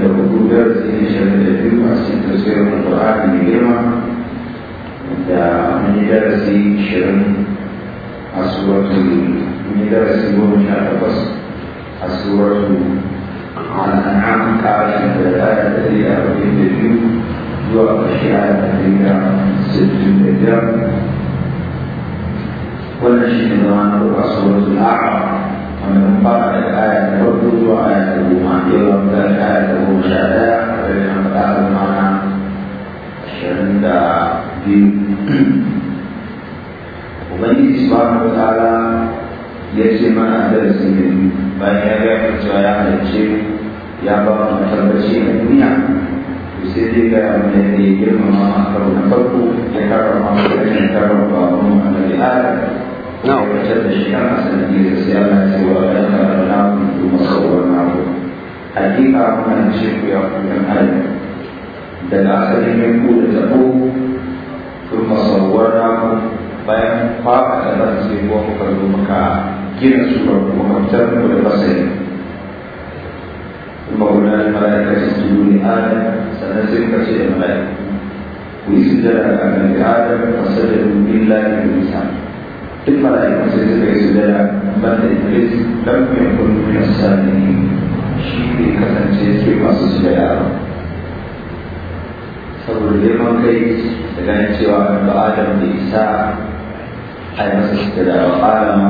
da hudu darasi ishirin da biyu a cikin tasirin alƙur'ani mai girma da mun yi darasi ishirin a suratul mun yi darasi goma sha takwas a suratul al'an'am kafin da ta ayar da ɗari arba'in da biyu zuwa ƙarshe ayar da ɗari da sittin da biyar wannan shi ne zama na uku a suratul a'raf empat ayat berdua ayat lima ilham dari ayat musyadah dari angkat mana di Ubangiji Subhanahu wa taala mana da sinin bayan ya ga cewa ya halicce ya ba dunia di na duniya sai dai ga abin da ya girmama a karo na na'am da shi a sanadiyar sai ana cewa ɗan karna kuma sauran hakika muna ce ku ya kuɗin adam daga asalin yin ku da taɓo kuma sauran naku bayan kwaɓa taɓar sai kuma kuka zo muka gina su kuma kamtar ku da masani kuma kuna da ku da duk mala'iku sai suka yi sujada banda iblis dan mai kullu ya sani shi ne kasance ke masu sujada ba saboda girman kai da ganin cewa annabi adam da isa a yi masa sujada قال ما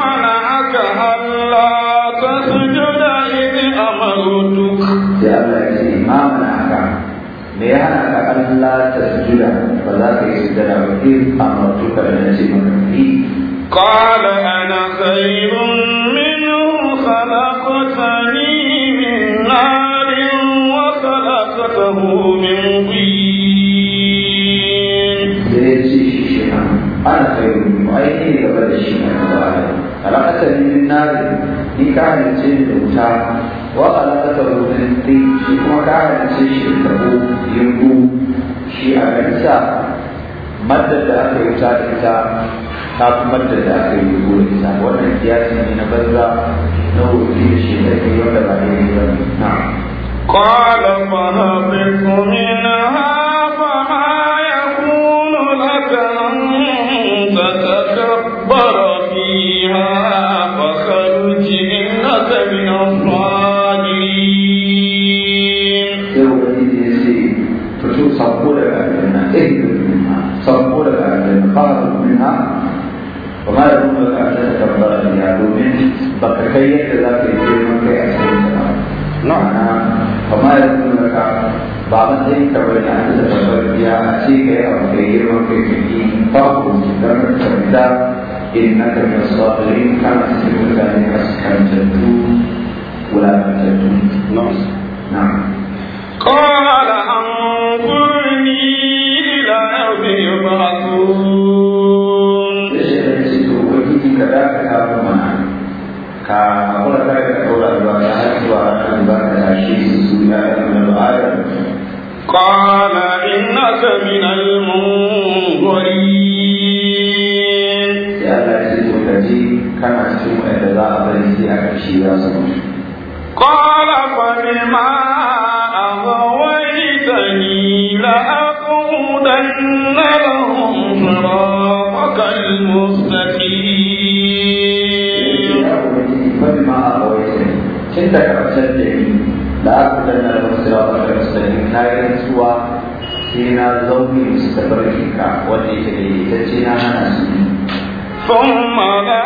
منعك ألا تسجد إذ أمرتك يا ما منعك ليه la tasjuda falati a mati amatu kana jinni qala ana khairun minhu khalaqtani min narin wa khalaqtahu min tin yesi shishina ana khairun ayyi rabbi shina khalaqtani min narin ni ka hanci da wa ala kata rubin din shi kuma ka hanci shi da shi a isa maddar da aka yi ta ita ta fi maddar da aka yi goro isa wannan kiyasi ne na banza na wuri da shi da ke wanda ba ne ba na قال فهبط منها bakatayya da za ka yi girman kai a cikin jama'a ma'ana kamar da kuma ka ba matsayin ka bane an da tabbarbiya a ce ka yi abu kai girman kai ka yi ba ku don ka fita in na ka كما قلت لك قول البركات والبركة شيء سوريا من العالم قال إنك من المنظرين يا الله كما تسمع الدعاء بنسي أكشي يا قال فبما أغويتني لأقعدن لهم صراطك المستقيم mafi ma a wai sai cin da da yi da da wasu da wata karshen da yi na yi rantsuwa sai na zaune su da barki ka wanda yake da yi ta ce na hana su ne. Fon ma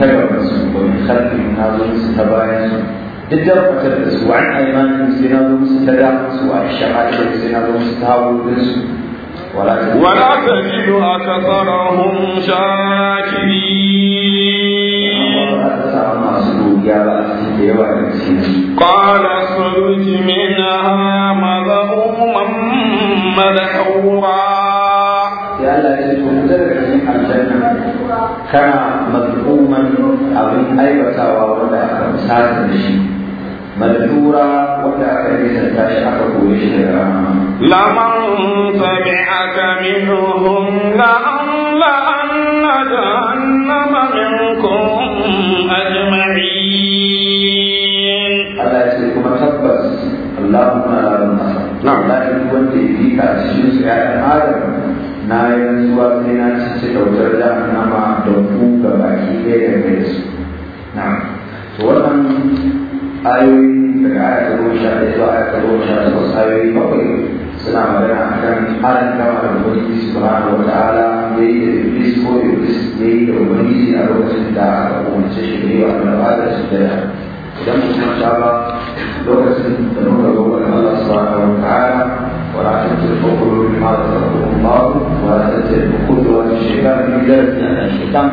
تبرز ويخلق من هذا المستبرز تدرب تبرز وعن أيمان الزنا المستدرس وعن الشرائح الزنا المستهاوز ولا ولا تجد أكثرهم شاكرين قال خرج منها مذهوما مدحورا Allah ya ce mu daga cikin aljanna kana madhuman abin aibatawa wanda aka musata da shi madhura wanda aka yi ta shi aka koyi shi daga laman tabi'aka minhum la la anna jahannama minkum ajma'in Allah ya ce kuma tabbas Allahumma la ilaha illa anta la ilaha illa anta ya adam na rantsuwa sai na cici kyautar jahannama da ku ga baki ɗaya da kai su na to wannan ayoyi daga aya ta goma sha ɗaya zuwa aya ta goma sha takwas ayoyi bakwai suna magana a kan harin kama da ubangiji subhanahu wa ta'ala ya yi da su da Allah subhanahu ولا تتبع قلوب ما تتبعه الله ولا تتبع قلوب الشيطان من ذلك الشيطان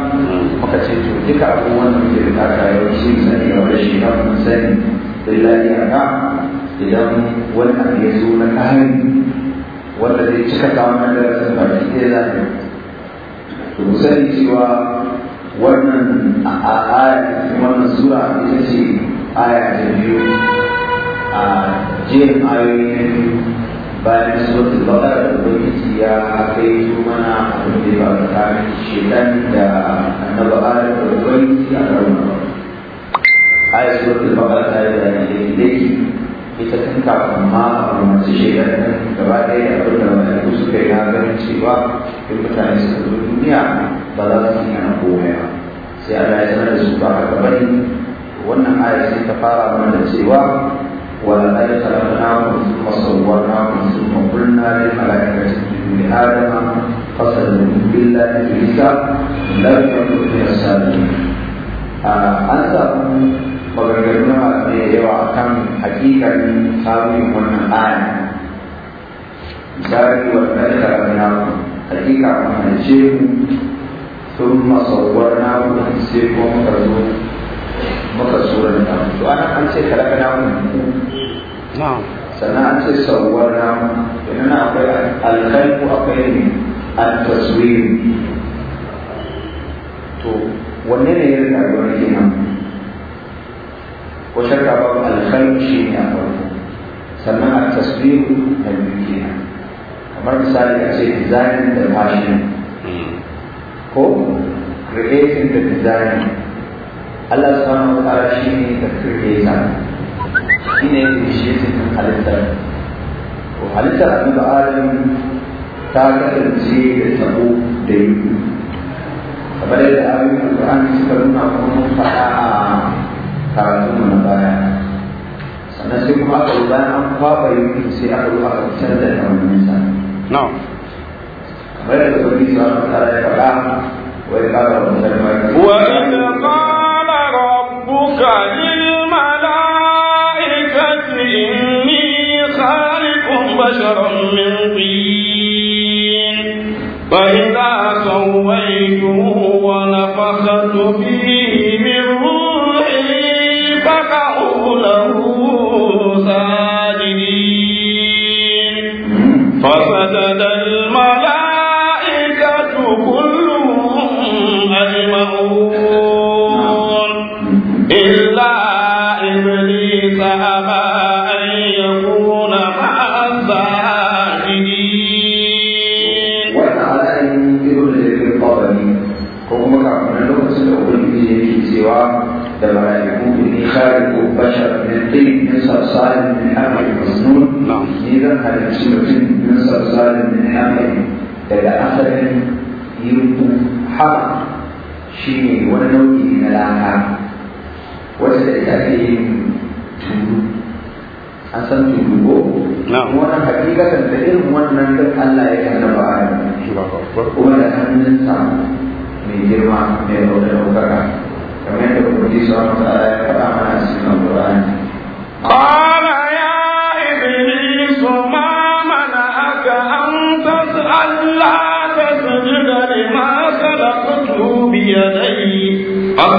وكتبت تلك عفوا من تلك يوسف سني ولا الشيطان من سني إلا يعنى إذا والأن يزول الأهل والذي تكت عن درس المجد إلى وسني سوى wannan aya wannan sura ita ce aya ta biyu a jerin ayoyi na biyu bayan suratul baqara ubangiji ya kai su mana abin da ba tsakanin shekan da annabi adam da ubangiji ayat suratul baqara ta yi bayani da ilai ita tun kafin ma a masu shekan nan gaba abin da suka yi na ganin cewa duk mutane suka zo duniya ba za su yi ba sai Allah da su ba haka bane wannan ayat sai ta fara mana cewa ولقد خلقناكم ثم صورناكم ثم قلنا للملائكة اسجدوا لآدم فسجدوا إلا إبليس لم يكن من السالمين. an samu maganganu na da yawa akan hakikanin samun wannan aya misali wa ɗan karamiya hakika mun mu sun masauwar namu sai kuma muka zo muka tsoron da to ana an ce kalaka na mu sannan an ce sauwar na mu idan akwai alkalku akwai ne al-taswiri to wanne ne ya rika ruwan kenan ko shakka babu alkalku shi ne a farko sannan al-taswiri na biyu kenan kamar misali a ce design da fashion hmm. ko creating the design Allah subhanahu wa ta'ala shi ne da ya sa shi ne ya shi cikin halittar ko halittar annabi adam ta kasance da tabo da yi kamar yadda abin alƙur'ani suka nuna kuma faɗa karatu mu na baya sannan sai kuma aka yi bayan an kwaɓa yi sai aka yi aka fitar da kamannin sa kamar yadda sauri sa ta ya faɗa wai ƙara wa musamman wa'in للملائكة إني خالق بشرا من طين فإذا سويته ونفخت فيه من روحي فقعوا له ساجدين فسجد المرء الصائم من حقه المسنون neither had it stricken Yunus al-Salim min حقه لأثر يحرم شيء ونوي من الأعمال وسألت أكيد an san tudu ko wannan hakikatan da irin wannan duk Allah ya kan ba kuma da hannun sa mai girma mai rauni da ɗaukaka kamar yadda kuma ji sa wata ya faɗa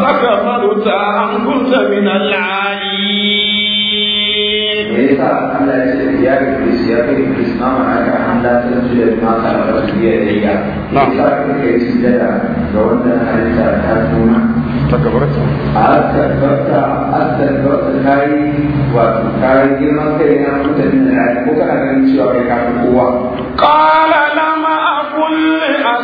ka faruta an kuta layi. al'ali. Me yasa Allah ya ce ya ya ga kuris na mana ka an lantar kuma ta biyar da iya. Me yasa ka ke yi sujada ga wannan halitta ta tuna. Ta gabarta. A tattarta a tattarta kayi wato kayi girman kai na kuta min al'ali ko ka ganin cewa kai kafin kowa. Kala lama a kulle a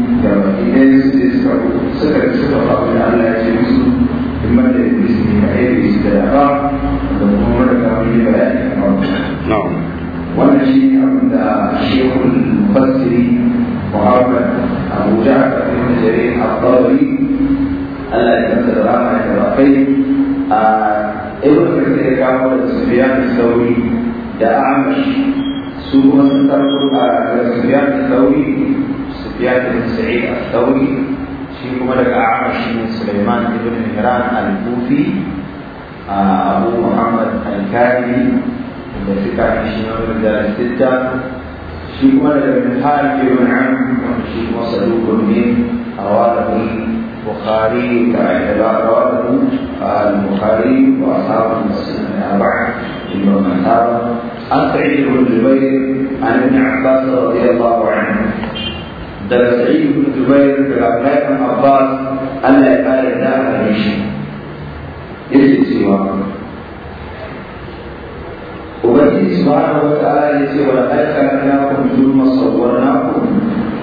da idan suka suka suka faɗi Allah ya ce musu in ba da iblis ne ba ya iblis da ba da kuma da kawai ba ya kamata wannan shi ne abin da shehul mufassiri muhammad abu ja'far ibn jarir al-tabari Allah ya kamata da rama ya rabai a ibn kathir ya kawo da sufyan sauri da amash su kuma sun tarko a sufyan sauri سفيان بن سعيد الثوري شيخ ملك أعمش بن سليمان بن هران الكوفي آه، أبو محمد الكاتبي بن سكة بن شمال بن الستة شيخ ملك بن خالد بن عم شيخ مصدوق من رواه البخاري كاعتبار رواه البخاري وأصحابه المسلمين الأربعة ابن المنصار أسعد بن جبير عن ابن عباس رضي الله عنه daga Sa'idu ibn jubair daga abdullahi ibn abbas Allah ya kare da gare shi yake cewa ubangiji subhanahu wa ta'ala ya ce wa laqad khalaqnakum thumma sawwarnakum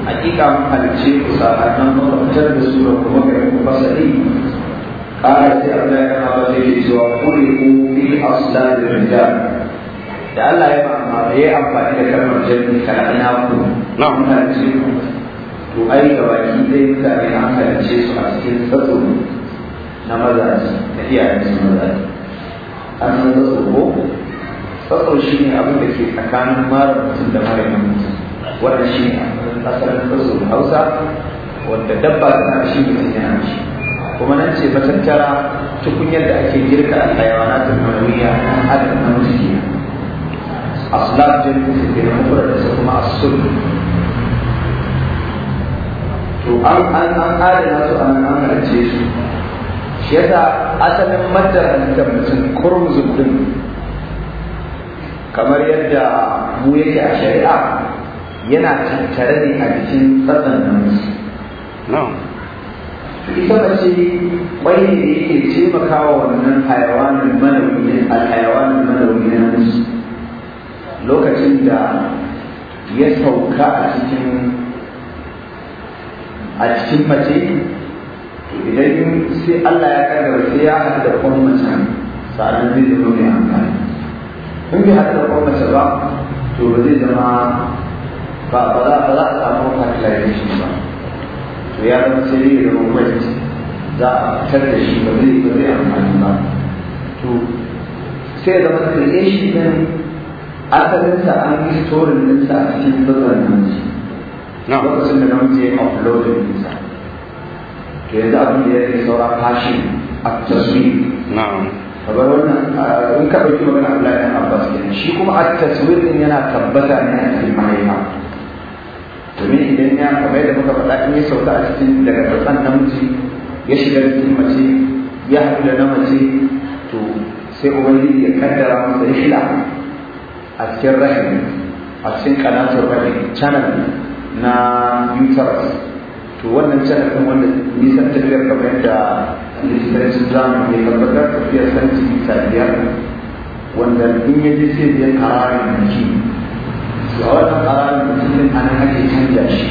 hakika mun halice ku sa'annan mun fitar da su da kuma kai ku ya قال سيدنا يا حبيبي وخلقوا في أصلاب الرجال da Allah ya ma'amma ya amfani da kalmar jami'i kana ina ku na'am na cikin to ai ga baki dai mutane an karance su a cikin tsatso na maza mazaji tafiya da su maza an san tsatso ko tsatso shi ne abin da ke tsakanin mara mutum da mara yin mutum wanda shi ne asalin tsatso da hausa wanda dabba na shi ne mutum yana shi kuma nan ce matattara tukunyar da ake girka a hayawanatin manawiya na adam na mutum aslat din da kuma a asulu to an an an adana su an an halarce su shi yasa asalin da mutum kurmuzun din kamar yadda mu yake a shari'a yana tattare ne a jikin tsatsan namiji ita shi kwai ne da yake taimakawa wannan hayawanin a hayawanin manawi na lokacin da ya sauka a cikin a cikin mace idan sai Allah ya kaddara sai ya haɗu da kwan mace sa'adun zai zama mai amfani in bai haɗu da kwan mace ba to ba zai zama ba ba za a samu shi ba to ya zama sai dai zama kwanci za a fitar da shi ba zai ba zai amfani ba to sai ya zama creation din asalinsa an yi storin ɗinsa a cikin bazar namiji lokacin da namiji ya upload da nisa to yanzu abin da ya rage saura a taswir kamar wannan ah, in ka ɗauki magana Allah ya Abbas kenan shi kuma a taswir din yana tabbata ne a cikin mahaifa domin idan ya kamar da muka faɗa in ya sauka a cikin daga tsatsan namiji ya shiga cikin mace ya haɗu da na mace to sai ubangiji ya kaddara masa rihla a cikin rahim a cikin kanatar rahim canan. na uterus to wannan channel ɗin wanda nisan tafiyar kamar yadda likitancin zamani ya tabbatar tafiyar santimita biyar wanda in ya je sai biyan ƙararin jiki to a wannan ƙararin jikin a nan ake canja shi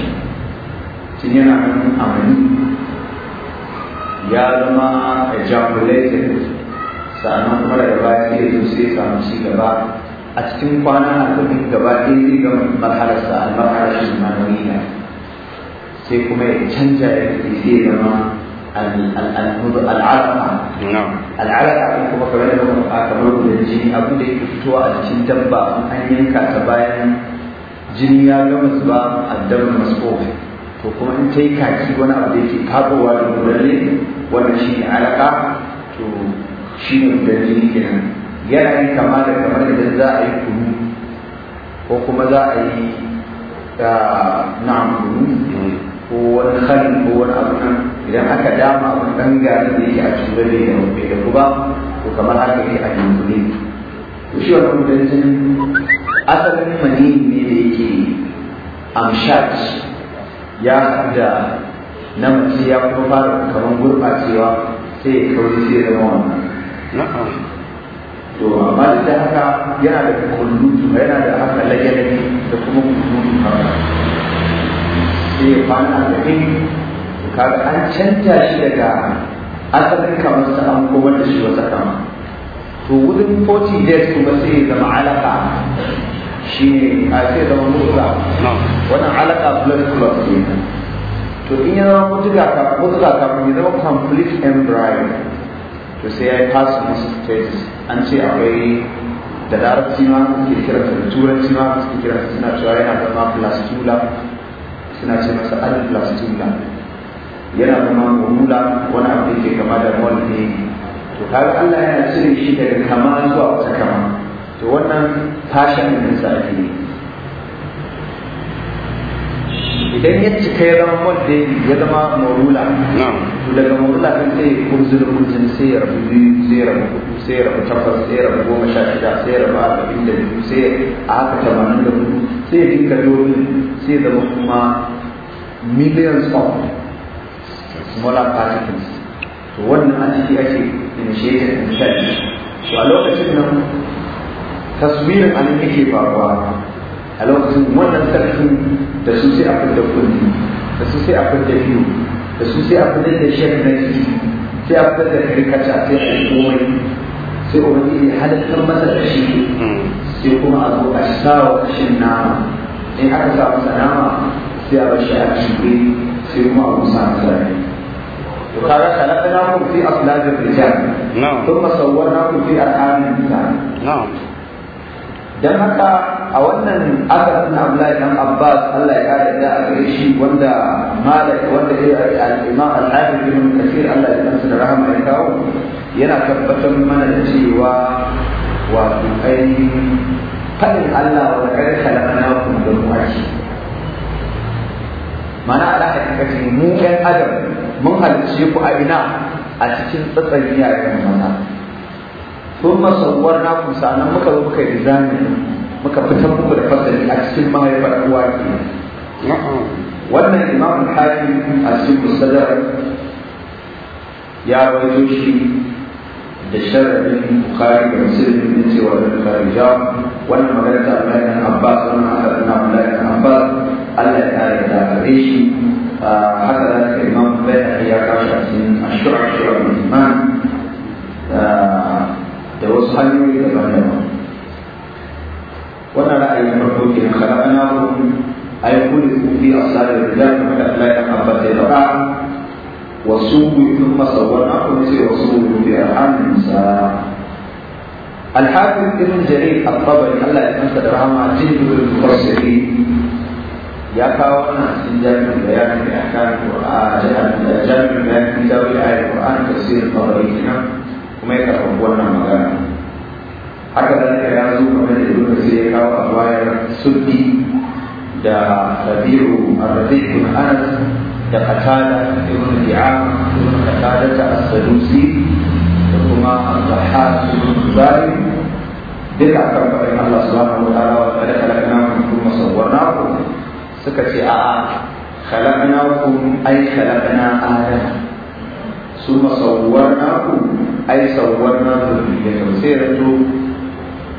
tun yana nan amani ya zama ejaculated sannan kuma daga baya sai ya zo sai ya samu ci gaba a cikin kwana arba'in gaba ɗaya zai gama marhalarsa a marhalar imaniya sai kuma ya canja ya fi sai zama al'araka al'araka ko kuma kamar da muka kamar gudan jini abu da yake fitowa a cikin dabba an yanka ta bayan jini ya gama zuba addabar masu to kuma in ta yi kaki wani abu da yake faɗowa da gudan wanda shi ne alaka to shi ne gudan kenan yana kama da kamar idan za a yi kunu ko kuma za a yi ah, na'am kunu ko wani halin ko wani abu nan idan aka dama wani dan gari da yake a cikin gari da mafi da ba ko kamar haka yake a dunkule ko shi wannan mutuncin asalin mani ne da yake amshat ya da na mace ya kuma fara kamar gurɓacewa sai ya kauri sai ya zama wannan to amma da haka yana da kullutu yana da haka lagalabi da kuma kullutu haka sai ya kwana a Ka kaga an canta shi daga asalin kamar sa an kuma da shi wata kama to within 40 days kuma sai ya zama alaka shi ne a sai zama mutuka wannan alaka blood clot ne to in ya zama mutuka kafin ya zama complete embryo to sai ya yi passing stages an ce akwai da larabci ma suke kira da turanci ma suke da suna cewa yana zama plastula suna ce masa al plastula yana zama mulula wani abu ke kama da mol to kaga Allah yana cire shi daga kama zuwa wata kama to wannan fashin da sa idan ya cika ya zama wanda ya zama morula daga morula kan sai kurzul kurzul sai ya rabu biyu sai ya rabu sai ya rabu tabbas sai ya rabu goma sha shida sai ya rabu arba'in da biyu sai a haka tamanin da kudu sai ya dinga domin sai ya zama kuma millions of smaller particles to wannan a ciki ake initiated in charge to a lokacin nan taswirin an yake faruwa a lokacin wannan sarkin da su sai a da kundi da su sai a da biyu da su sai a da da shek na ciki sai a fidda da karkata sai a yi komai sai ubangiji halittar masa da shi sai kuma a zo a sa wa kashin nama in aka sa masa nama sai a bar shi a cikin sai kuma a musa masa rai قال da في أصلاب الرجال na صورناكم في أرحام النساء dan haka a wannan akasin Abdullahi dan Abbas Allah ya kare da a gare shi wanda malaka wanda ya yi al-Imam al-Hafiz ibn Kathir Allah ya tsamsa rahama ya kawo yana tabbatar mana da cewa wato ainihin fadin Allah wa laqad khalaqnakum jumu'ati mana ala hakikati mu 'yan adam mun halarci ku a ina a cikin tsatsan iyayen maza sun masauwar naku sannan muka zo muka yi muka fitar muku da fasali a cikin mahaifar uwa ke wannan imam al-hakim a cikin musadar ya rawaito shi da sharadin bukhari da muslim ne cewa da kharija wannan magana ta Allah ibn Abbas wannan aka na Allah ibn Abbas Allah ya kare da gare shi ah, haka da ka imam bai ya kashi a cikin ashura ashura iman ah, da wasu hanyoyi daban-daban wannan ra'ayi na farko ke khalaqna hum ay kullu fi asari rijal kuma da Allah ya ambata da ra'a wa subu ibn masawwana kuma sai wa subu bi arhamin sa الحافظ ابن جرير الطبري الله يتمسك رحمه جد المفسرين يا كاونا سنجاب بيان في احكام القران جامع بيان في كتاب الايه القران تفسير الطبري هنا kuma ya karɓi wannan magana haka zalika ya zo kamar da ibn sai ya kawo a bayar sunni da rabi'u ar-rabi'u anas da qatada ibn di'am ibn qatada as-sadusi da kuma al-dhahhak ibn zalim duka akan faɗin Allah subhanahu wa ta'ala wa ta'ala khalaqnakum thumma ku. suka ce a'a khalaqnakum ay khalaqna adam thumma ku. ai sawwarna da sai rato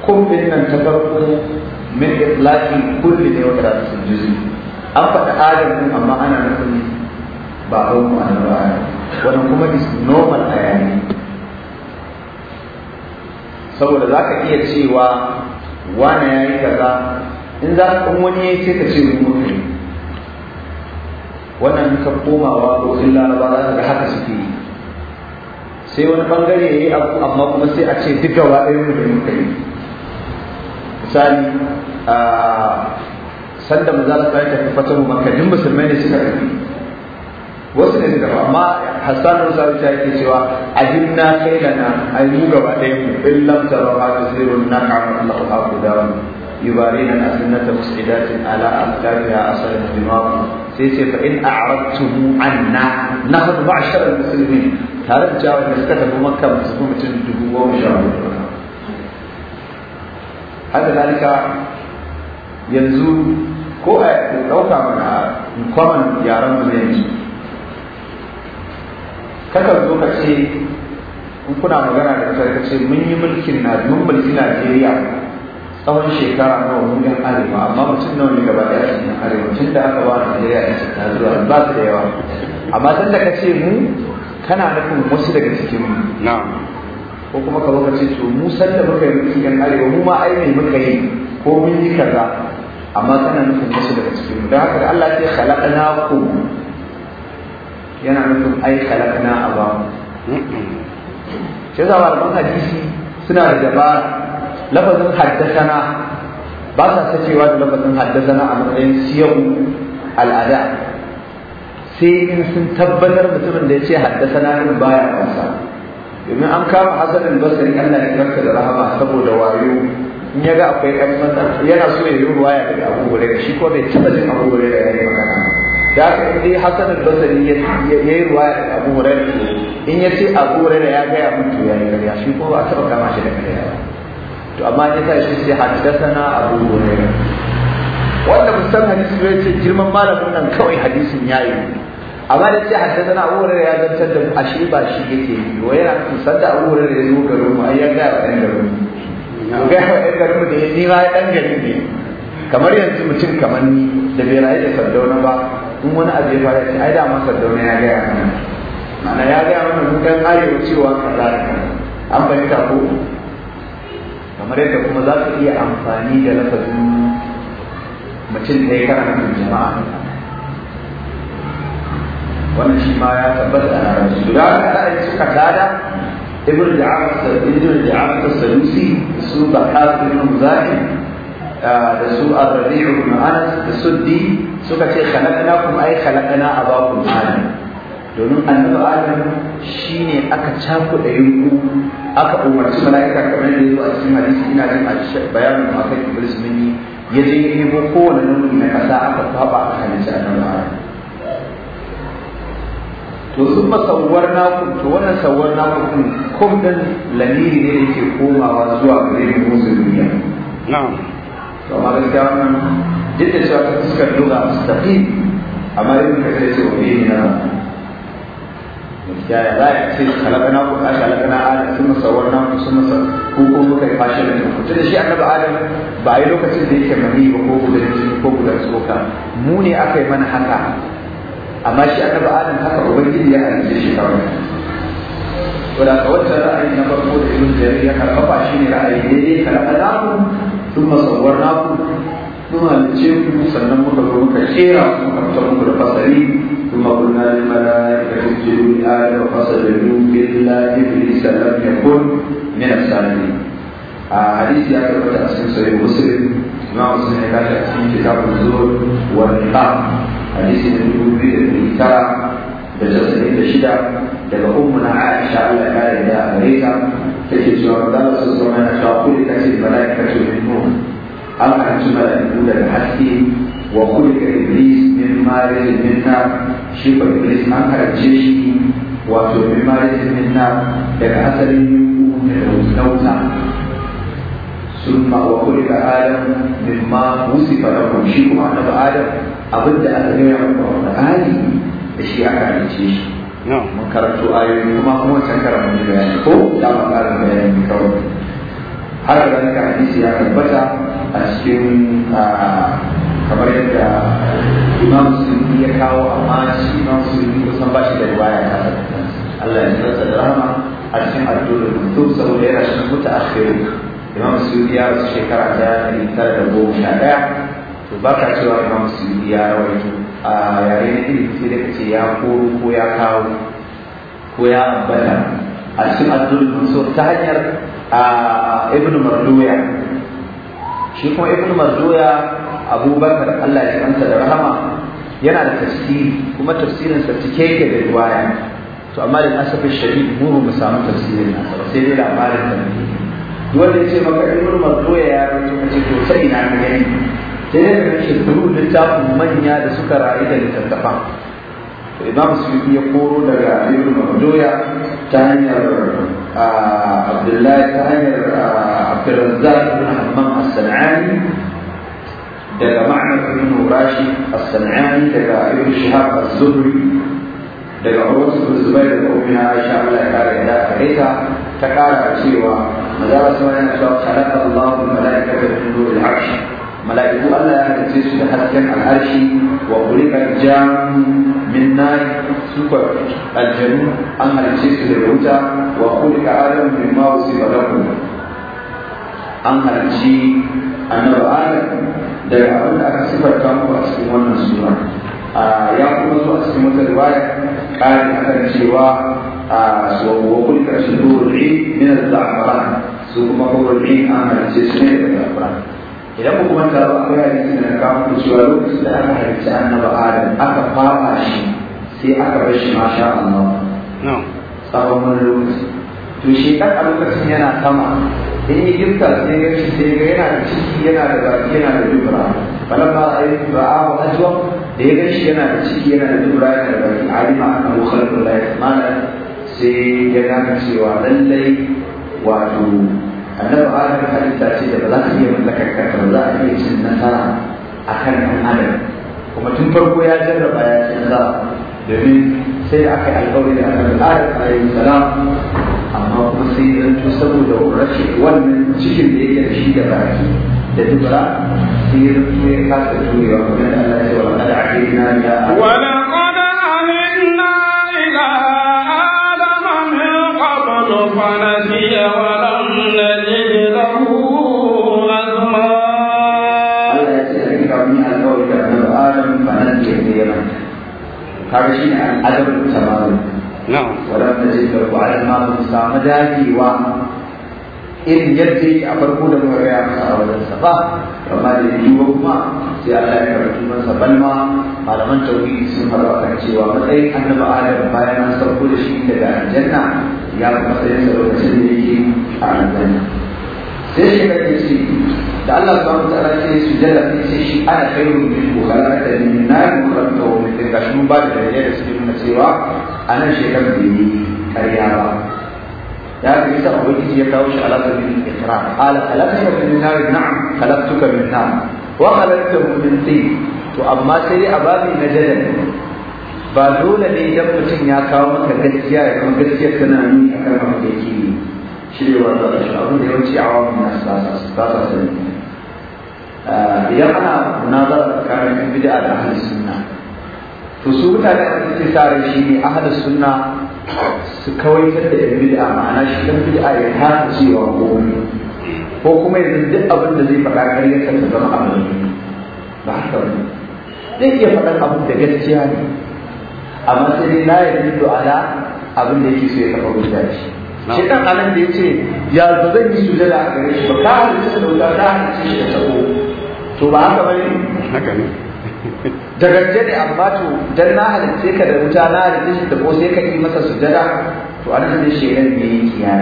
kun din nan ta farko min itlaqi kulli ne wa rasul juz'i an faɗi adam din amma ana nufin ba ko mu an ba wannan kuma is normal ayani saboda za ka iya cewa wane ya yi kaza in za ka wani ya yi sai ka ce mu wannan ka komawa ko sun ba za ka ga haka suke yi sai wani bangare ya yi abu amma kuma sai a ce duk gaba ɗaya wani da muka misali a sanda maza za su ɗaya tafi mu maka jin musulmai ne suka tafi wasu ne suka amma hassan rusa wuce yake cewa ajin na kai da na a yi mu gaba ɗaya mu in lamta rawa da zai wani na kama Allah ku da wani يبارين أسنة مسعدات على أبكارها أصل الدماغ سيسي فإن أعرضتم عنا نخذ معشر المسلمين هذا جاوة نسكته مكة مسلمة الدبوة وشعب هذا ذلك ينزل ko a ɗauka mana يا yaran mu yanzu kakan zo ka ce in kuna magana da ka ce mun yi mulkin na mun mulki Najeriya tsawon shekara nawa wajen arewa amma mutum nawa ne gaba daya cikin arewa tun da aka ba da ya ta zuwa ba su da yawa amma tun da ka ce mu kana nufin wasu daga cikin mu ko kuma ka lokaci su mu san da muka yi mutum yan arewa mu ma ai mai muka yi ko mun yi kaza amma kana nufin wasu daga cikin mu don haka da Allah ya khalaqna ku yana nufin ai khalaqna abamu shi yasa malaman hadisi suna da dabara lafazin haddasana ba sa sacewa da lafazin haddasana a matsayin siyan al'ada sai in sun tabbatar mutumin da ya ce haddasana ɗin baya kansa domin an kama hasanin basari Allah ya karka da rahama saboda wayo in ya ga akwai kalmata yana so ya yi ruwaya daga Abu Hurairah shi ko bai taba jin Abu da ya yi magana da aka yi dai hasanin basari ya yi ruwaya daga Abu Hurairah in ya ce Abu Hurairah ya gaya mutu ya yi karya shi ko ba taba kama shi da karya ba to amma ya sa shi sai haddathana abu hurairah wanda musan hadisi ya ce girman malamin nan kawai hadisin yayi amma da ce haddathana abu hurairah ya zantar da ashe ba shi yake yi Wa yana nufin da abu hurairah ya zo garin mu ai ya ga ɗan garin mu ga ɗan garin mu da ya ni ma ɗan garin ne kamar yanzu mutum kamar ni da bai rayu da sardauna ba in wani abu ya fara ce ai da ma sardauna ya gaya mana ma'ana ya gaya mana mun dan arewa cewa kaza an ta ko kamar yadda kuma za su iya amfani da lafazin mutum ɗaya kana nufin jama'a wannan shi ma ya tabbata a larabci guda ka da suka tada ibn da'af ibn da'af salusi su ba qasim ibn zaki ah, da su ar-rabi' ibn anas da suddi suka ce khalaqnakum ay khalaqna abakum adam domin annabi adam shine aka cakuɗa yanku aka umarci mala'ika kamar da yazo a cikin hadisi ina jin a bayanin akan iblis mun yi ya je ya nemo kowane nauyi na kasa aka kwaba a halitta a nan to sun ba sauwar naku to wannan sauwar naku kun kum din lamiri ne yake komawa zuwa gare ni musu duniya na'am to amma gaskiya wannan duk da cewa ta fuskar doga mustaqim amma yin da kare ce wa eh, na yaya za a ce halakana ku kashi halakana adam sun masawar na ku sun masa ku ko muka yi fashi da ku da shi annabi adam ba a yi lokacin da yake mani ba ko gudan jini ko gudan tsoka mu ne aka yi mana haka amma shi annabi adam haka ubangiji ya halitta shi kawai wanda ka wata ra'ayi na farko da ibn jarir ya karfafa shi ne ra'ayi daidai halakana ku sun masawar na ku mun halice ku sannan muka zo muka tsera muka fita da fasali kuma kunna ne mala ka tujiru ni ala fasalu illa iblis lam yakun min as a hadisi ya karɓa a cikin sahih muslim imam muslim ya kashi cikin kitabun zuhur wal qam hadisi na dubu da ɗari tara da casa'in da shida daga ummuna Aisha Allah ya kare da gare ta take cewa da Allah sallallahu alaihi wasallam ya shawo kullu kashi mala'ikatu an halicci mala'iku daga haske wa kulika iblis min marijin min nar shi ko iblis an halicce shi wato min marijin min nar daga asalin yunkun da wuta ثم وخلق آدم مما وصف لكم شيء وعلم آدم أبدا أن يعلم القرآن الشيء كان يشيش من كرمت آية وما هو تنكر من بيانه لا مقال بيانه بكونه har haka zalika hadisi ya tabbata a cikin kamar yadda imam sunni ya kawo amma shi imam sunni ko san bashi da riwaya ta Allah ya tsara da rahama a cikin addu'a da mutum saboda yana shi mutaakhir imam sunni ya rasu shekara ta ɗari tara da goma sha ɗaya to ba ka cewa imam sunni ya rawaito a yare na ilimi sai da ce ya koro ko ya kawo ko ya ambata a cikin abdul mansur ta hanyar ibn marduya shi kuma ibn marduya abubakar allah ya kanta da rahama yana da tafsiri kuma tafsirin sa cike yake da riwaya to amma da asafin shari'i mu mu samu tafsirin nasa sai dai labarin da duk wanda ya ce maka ibn marduya ya rubuta kace to sai ina ga gani sai dai ka ce duk littafin manya da suka rayu da littattafan imam suyuti ya koro daga ibn majoya ta hanyar abdullahi ta hanyar abdurrazzaq ibn hammam as-sanani daga ma'anar ibn rashi as-sanani daga ibn shihab az-zuhri daga urwasu bin zubair da umina aisha Allah ya kare da kare ta ta kara cewa maza su yana cewa khalaqa Allahu malaikata min nuril arsh mala'iku Allah ya halitta su da hasken al'arshi wa kulika jam min nari sukar aljanu an halitta su da wuta wa kulika adam min ma wasu balaku an halicci annabi adam daga abin da aka sifarta kanku a cikin wannan sura ya kuma zo a cikin wata riwaya ƙarin akan cewa wa kulika shi ruhi min al-za'faran su kuma ruhi an halicce su ne daga za'faran idan ku manta ba akwai hadisi da kawo ku cewa lokacin da aka halitta annabi adam aka fara shi sai aka bar shi masha Allah tsawon wani lokaci to shi kan a lokacin yana sama in yi girka sai ga shi sai ga yana da ciki yana da zafi yana da dubura balan ba a yi ba'a wa ajwa da ya gan shi yana da ciki yana da dubura yana da zafi alima akan wukhalin da ya sai ya gane cewa lallai wato annabi adam halitta ce da ba za ta iya mallakar kanta ba za ta iya cin nasara a kan ɗan kuma tun farko ya jarraba ya ce nasara domin sai da aka yi alƙawari da annabi adam salam amma kuma sai ya zanto saboda rashin wannan cikin da yake da shi da baki da dubara sai ya zanto ya kasa turewa kuma Allah ya ce wa laqad aqidna ya kaga shi ne an adabul tamadun na'am wala tajid lahu ala al-ma'ruf yadda yake a farko da muka gaya masa a wajen sa ba amma da yiwuwa kuma sai Allah ya karɓi masa balma malaman tauhidi sun faru akan cewa matsayin annabi Adam bayan an sauko da shi daga aljanna ya fi matsayin sa lokacin da yake a aljanna sai shi kake ce da Allah subhanahu wa ta'ala ce ne sai shi ana kairu da bukharata na nar mukhrata wa kai gashi mun ba da dalilai da suke nuna cewa anan shekar da yi ƙarya ba Ya haka yasa ubangiji ya kawo shi alaƙa bin ikrar ala khalaqaka min nar na'am khalaqtuka min nar wa khalaqtahu min tin to amma sai a babin na jadal ba dole ne idan mutum ya kawo maka gaskiya ya kuma gaskiyar tana nuni akan abin da yake yi shirewar da shi abin da yawanci a wani nasu ba sa sani idan eh, ana munazara tsakanin yan bid'a da ahli sunna to su mutane da suke sare shi ne ahli sunna su kawai kawaitar da yan bid'a ma'ana shi dan bid'a ya tafi wa komai ko kuma yanzu duk abin da zai faɗa ƙarya kan ta zama abin ba haka ba zai iya faɗan abin da gaskiya ne amma sai dai na yarda da ala abin da yake so ya kafa guda shi shaitan anan da ya ce ya ba zan yi da a gare shi ba ka halitta da wuta ta halitta shi da sabo to ba haka bane haka ne da gaske ne amma to dan na halice ka da wuta na halice shi da ko sai ka yi masa sujada to an halice shi ran ne yake ya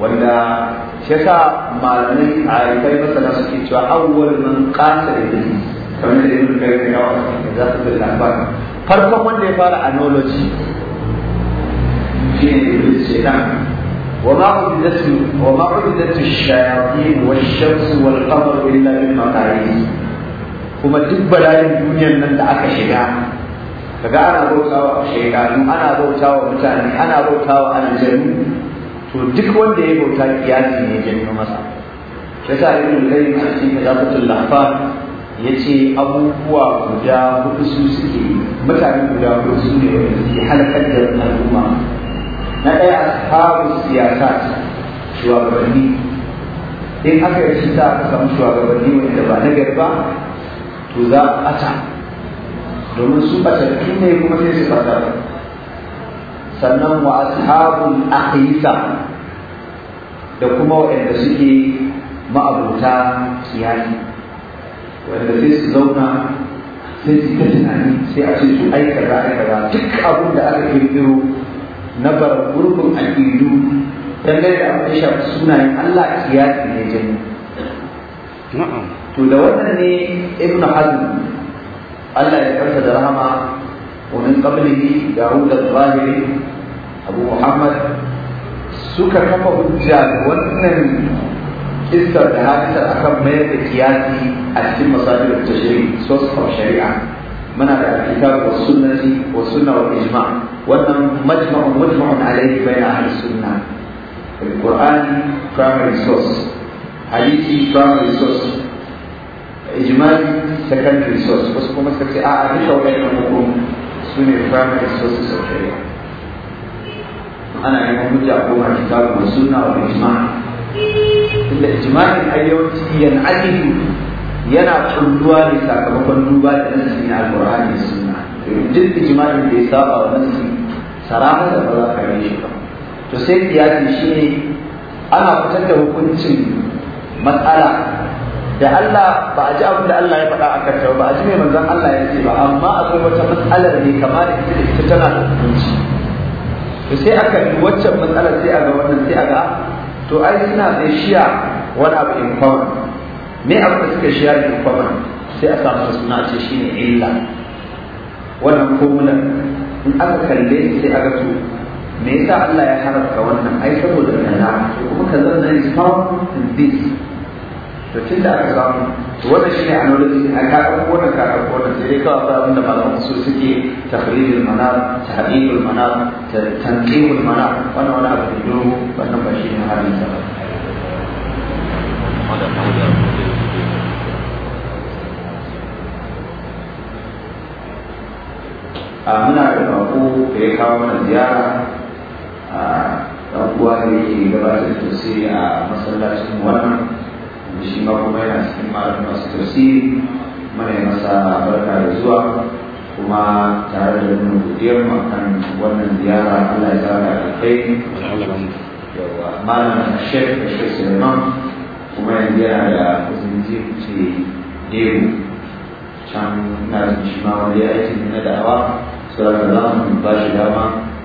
wanda shi yasa malamin a kai masana suke cewa awwal man qatala iblis kamar da ibn ne kawai kawo za su da labar farkon wanda ya fara analogy shi ne iblis shedan وما عبدت وما عبدت الشياطين والشمس والقمر الا بمقادير kuma duk bala'in duniyar nan da aka shiga kaga ana bautawa a shekaru ana bautawa mutane ana bautawa aljanu to duk wanda ya bauta kiyasi ne janyo masa shi yasa ibn al-qayyim a cikin kitabatul lahfan yace abubuwa guda hudu su suke mutane guda hudu su ne wanda suke halakar da al'umma na ɗaya tsarin siyasa shugabanni in aka yi shi za a samu shugabanni wanda ba na garba to za a ɓata domin su ɓatattu ne kuma sai su ba sannan wa tsarin akhisa da kuma waɗanda suke ma'abuta kiyasi wanda sai su zauna sai su ta tunani sai a ce su aika za a duk abin da aka kirkiro na bar gurbin al'idu dangane da abin da suna sunayen Allah kiyasi ne jami to da wannan ne ibn hazm Allah ya karta da rahama wani min qablihi da al-Zahiri Abu Muhammad suka kafa hujja da wannan kissar da hadisar akan mayar da kiyasi a cikin masajidar tashri source of shari'a muna da kitab wa sunnati wa sunna wa ijma wannan majma'un mujma'un alayhi bayna ahli sunna القرآن primary source حديثي primary source إجمالي secondary source بس كما سكتي أعلى لك وبين أمكم سنة primary source of sharia أنا أقول لك أقوم wa والسنة والإجماع إلا إجماع الأيوتي ينعدل yana kulluwa ne sakamakon duba da nasi ne alqur'ani da sunna duk ijma'in da ya saba wa nasi sarama da ba za ka yi shi ba to sai kiyasi ne ana fitar da hukuncin matsala da Allah ba a ji abin da Allah ya faɗa a kanta ba a ji mai manzon Allah ya ce ba amma akwai wata matsalar ne kamar da ita ita tana da hukunci to sai aka yi waccan matsalar sai a ga wannan sai a ga to ai suna tsaye shiya wani abu in kawai me abu da suka shi yari kwabar sai a samu masa suna ce shi ne illa wannan formula in aka kalle sai aka to me yasa Allah ya haramta wannan ai saboda kaza to kuma kaza nan is found in this to tun da aka samu to wannan shine analogy a ka ɗauko wannan ka ɗauko wannan sai dai kawai abin da malaman su suke takhrijul manar tahdidul manar tanqihul manar wannan wani abu da dogo wannan ba shi ne haramta ba A ah, muna da bako da ya kawo mana ziyara a ah, ɗan uwa da yake gabatar sosai a masallacin wannan da shi ma kuma yana cikin malamin masu tafsiri mana ya masa barka da zuwa kuma tare da nuna godiyar mu akan wannan ziyara Allah ya tsara da kai yawa malamin Sheikh Bashir Suleiman kuma yanzu yana da kusan zai ce Debo can na da shi ma wani aiki na da'awa sada da vam baš i vama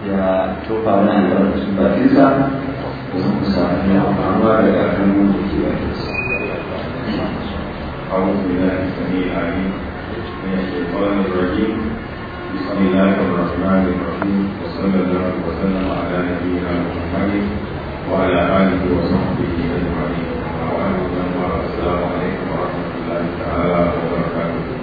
ja to pa ne da vam su batica to sam sa nja vama da ga ne mogu da ti batica Hvala mi da je sami ali ne se povijem od rođim i sami da je kao razmanje prosim da vam posljedno a da ne bih rano pomagi o ali ali ti o sam biti i da je mani Hvala vam da vam hvala sada vam rekao Hvala vam da vam hvala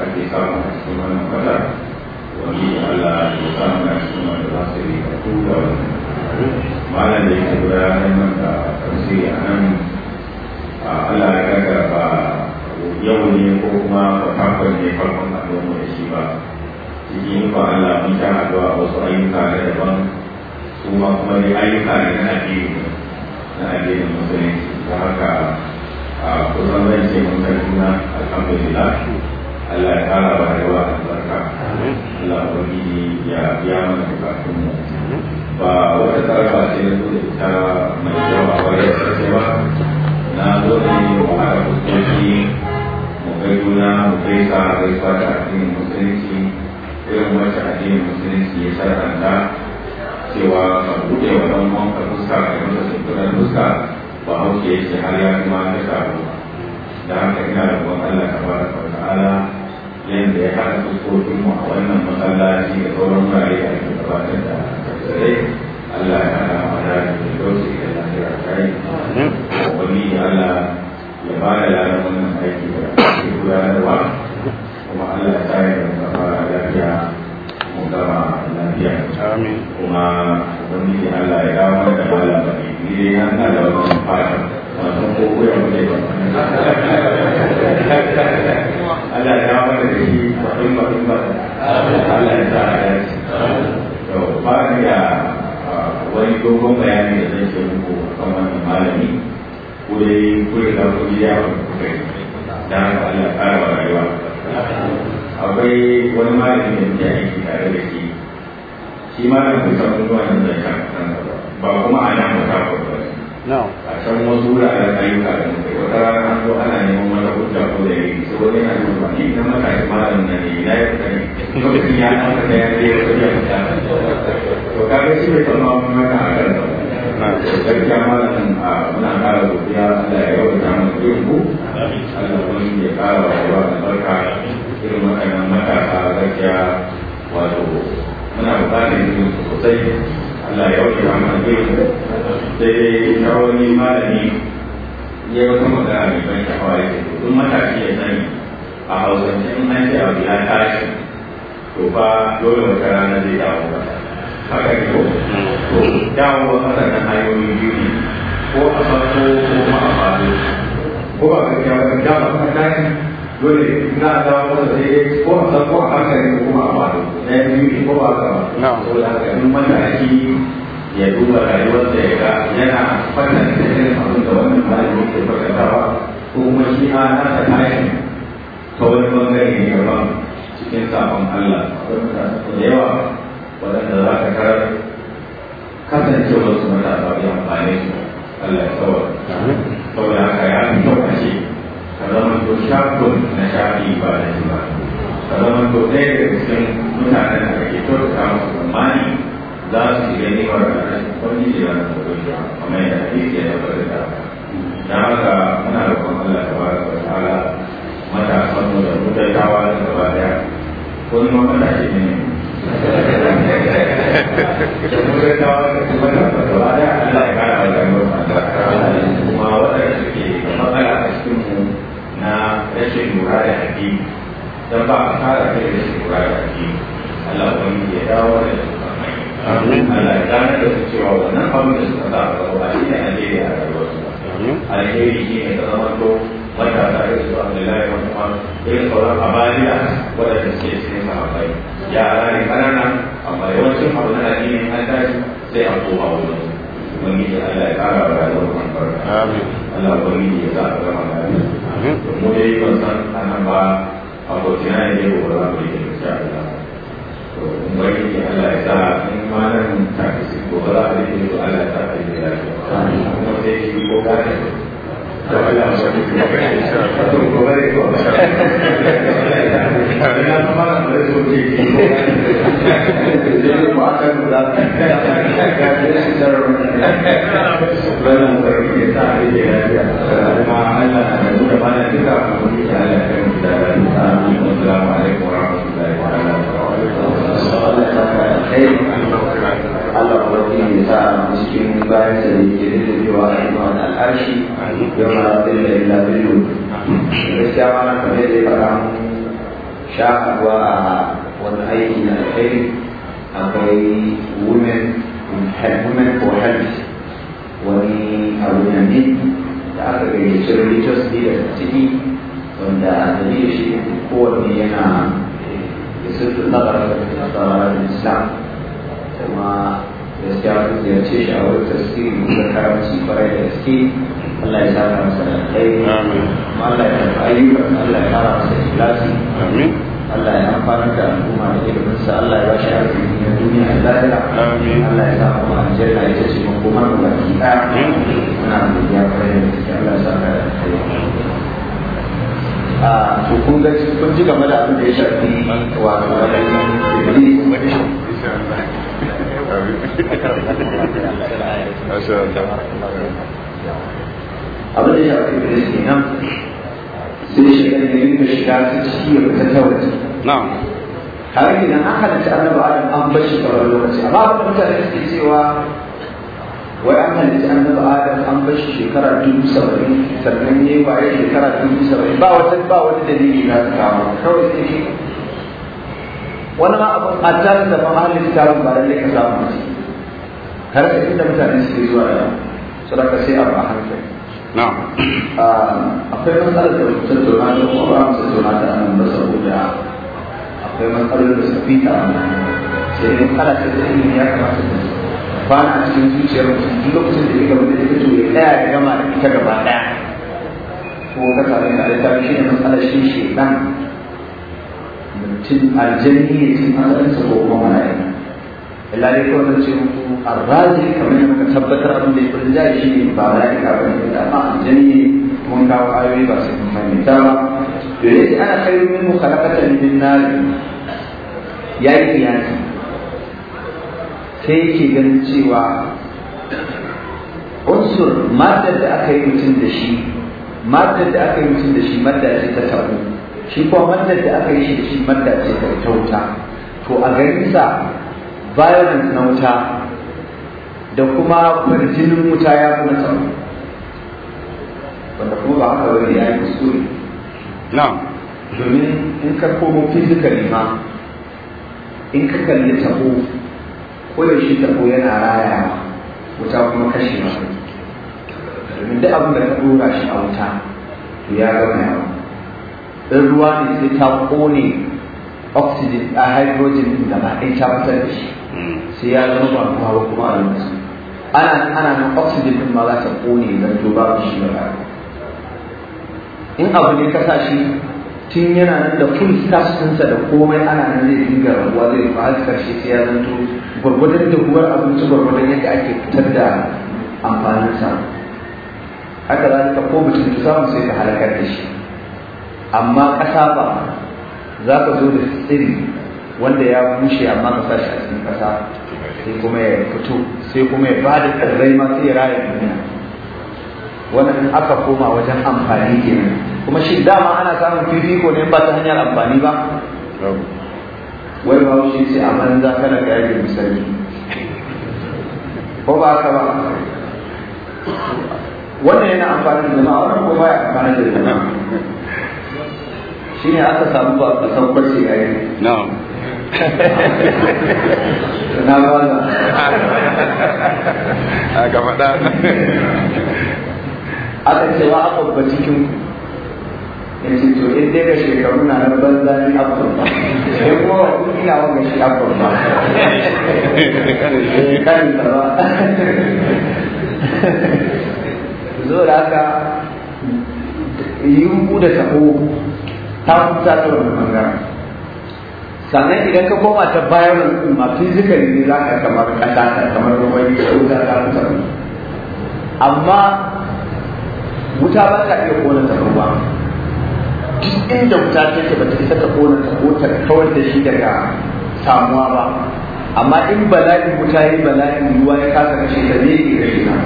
ake samu a cikin wannan wata wani Allah ya a cikin wanda za su yi a tuba malam da yake bayanin man da tafsiri a nan Allah ya kaga ba yau ne ko kuma fatakon ne farkon abin mu da shi ba cikin ba Allah mun ta addu'a wasu ayyuka da daban su kuma dai ayyuka ne na addini na addinin musulunci da haka a kusan zan ce mun kai juna alhamdulillah Allah ya kara wa rayuwa albarka Allah ubangiji ya biya mana bukatun mu ba wata tsaraba ce na zuwa ta mai yawa ba ya ce ba na zo ne mu haɗa fuskoki mu kai juna mu kai sa gaisuwa da addinin musulunci irin wacce addinin musulunci ya sarrafa cewa ka buɗe wa ɗan uwanka fuska ka yi masa shimfiɗar fuska ba hauke yake har ya kuma ta da haka ina da Allah ta baraka ta'ala yadda ya haɗa fuskokin mu a wannan masallaci da sauran wurare da ake gabatar da tsaye kawo wani malami ya yi kuma ga mai shawara ya matashi ya sani a hausance in an ce abu tashi to fa dole wata rana zai dawo masa haka ne ko to dawo masa na hanyoyi biyu ne ko a farko ko ma a faru ko ka gaskiya ba dawo masa tashi dole za a dawo masa sai ko a farko a hankali ko kuma a faru ɗaya biyu ko ba ka ba saboda haka in ya duba rayuwar da ya ga yana kwatanta irin abin da wannan malami ke kwatantawa ko kuma shi ma na ta tashi ta wani bangare ne daban cikin sabon Allah akwai mutane da yawa waɗanda za ka karar kasancewar su matasa bai amfani su Allah ya tsawar saboda haka ya fi kyau a ce ka zama to shafin na shafi ba da shi ka zama to ɗaya daga cikin mutanen da ke kyautata musu tsammani za su ga ni'imar da wani da ya tabbata shi amma ya hadisi ya tabbata da da haka muna roƙon Allah tabaraka wa ta'ala mata sanu da ko ni ma mata ne Allah ya kara mu kuma suke matsala a cikin mu na rashin lura da dan ba a fara kai rashin lura da Allah ya dawo da amin Allah ya gane da su cewa wannan abin da suka sa gaba ba amin to wanda wadanda suke cikin sahabbai yara ne kanana amma yawancin ada a koma amin Allah ubangiji ya amin وبلاغ الدين على Assalamualaikum warahmatullahi wabarakatuh. Allah ubangiji ya sa cikin bayan sa da yake da cewa a yi wani al'arshi yau na zai da illa biyu gaskiya ma na kamar da ya faɗa sha a wani aiki na alheri akwai women women for health wani abu na ne da aka gayyaci religious leaders a ciki wanda dalilin shi kowanne yana eh, da sirrin nazar da islam kuma gaskiya wani ziyarce shi a wurin tasiri da karamci kwarai da gaske Allah ya saka masa da kuma Allah ya karɓi ayyukan Allah ya fara masa ikhlasi Allah ya amfana da al'umma da ilimin sa Allah ya ba shi arziki na duniya da lahira Allah ya sa mu ita ce kuma mu muna godiya kwarai da gaske Allah ya da a ah, to kun ga kun ji game da abin da ya shafi wato wannan abin da ya fi da shi nan sai shi kan yi da shiga ta ciki ya fita ta waje na'am har yi nan an halitta annabi adam an bar shi kamar lokaci amma abin da mutane suke cewa wai an halitta annabi adam an bar shi shekara dubu saba'in sannan ne ba ya shekara dubu saba'in ba wata ba wani dalili na ta kama kawai sai wani ma abin attarin da mahallin tarin ba lalle ka samu shi har sai inda mutane suke zuwa da su da sai a ba hankali na'am ah, akwai matsalar da mutum tattauna da kuma ba mu tattauna da nan ba saboda akwai matsalar da su fita sai dai kana ta da ilimi ya kamata da ba na cikin zuciyar mutum duk lokacin da ya gaba da ita to ya tsaya ya gama da ita gaba daya ko ka samu da ta shi ne matsalar shi shi dan tun aljanni ne tun asalinsa ko kuma mala'ika illa dai kawai zan ce muku arrazi kamar yadda muka tabbatar abin da ya fi shi ne ba mala'ika ba ne da amma aljanni ne mun kawo ayoyi ba su kuma mai ta ba to yace ana khairu min mukhalaqatan min ya yi sai yake ganin cewa unsur matar da aka yi mutum da shi matar da aka yi mutum da shi matar ce ta tabu shi kuma wanda da aka yi shi da shi manda ce da ta wuta to a garin sa violence na wuta da kuma kwarjinin wuta ya kuma tsaro wanda kuma ba haka wani ya yi kusuri na domin in ka komo fizikali ma in ka kalli tabo shi tabo yana raya wuta kuma kashe ma domin duk abin da ka dora shi a wuta to ya gama yawa in ruwa ne sai ta kone oxygen a hydrogen da ba ɗaya ta fitar da shi hmm. sai ya zama ba kuma ba kuma a ana ana nan oxygen din ma za ta kone zan to ba shi ba in abu ne ka sa shi tun yana nan da full staff ɗinsa da komai ana nan zai dinga rabuwa zai rufa har karshe sai ya zanto gwargwadon da kuma abinci gwargwadon yadda ake fitar da amfaninsa haka za ka ko mutum ta samu sai ka halakar da shi amma ƙasa ba za ka zo da tsiri wanda ya bushe amma ka sa shi a cikin ƙasa sai kuma ya fito sai kuma ya ba da tsirrai ma sai ya raya duniya wannan aka koma wajen amfani kenan kuma shi dama ana samun fifiko ne ba ta hanyar amfani ba wai ba shi sai a manza kana ga yake misali ko ba ka ba wannan yana amfani da jama'a wannan ko ba ya amfani da jama'a shi ne aka samu ba a san kwace ya yi na na ga wannan a ga faɗa aka ce wa aka ba cikin ya ce to in dai da shekaru na nan banza ni abdul ba sai kuma ina wanga shi abdul ba eh, kan ba zo da aka yi da tabo ta huta ta wani bangaren sannan idan ka koma ta bayan ma fizikali ne za ka kamar kasa ta kamar da wuta ta huta amma wuta ba ta iya kona ta ruwa duk inda wuta ce ba bata isa ta kona ta ko ta kawar da shi daga samuwa ba amma in bala'in wuta yi bala'in ruwa ya kasa kashe ta ne ke shi na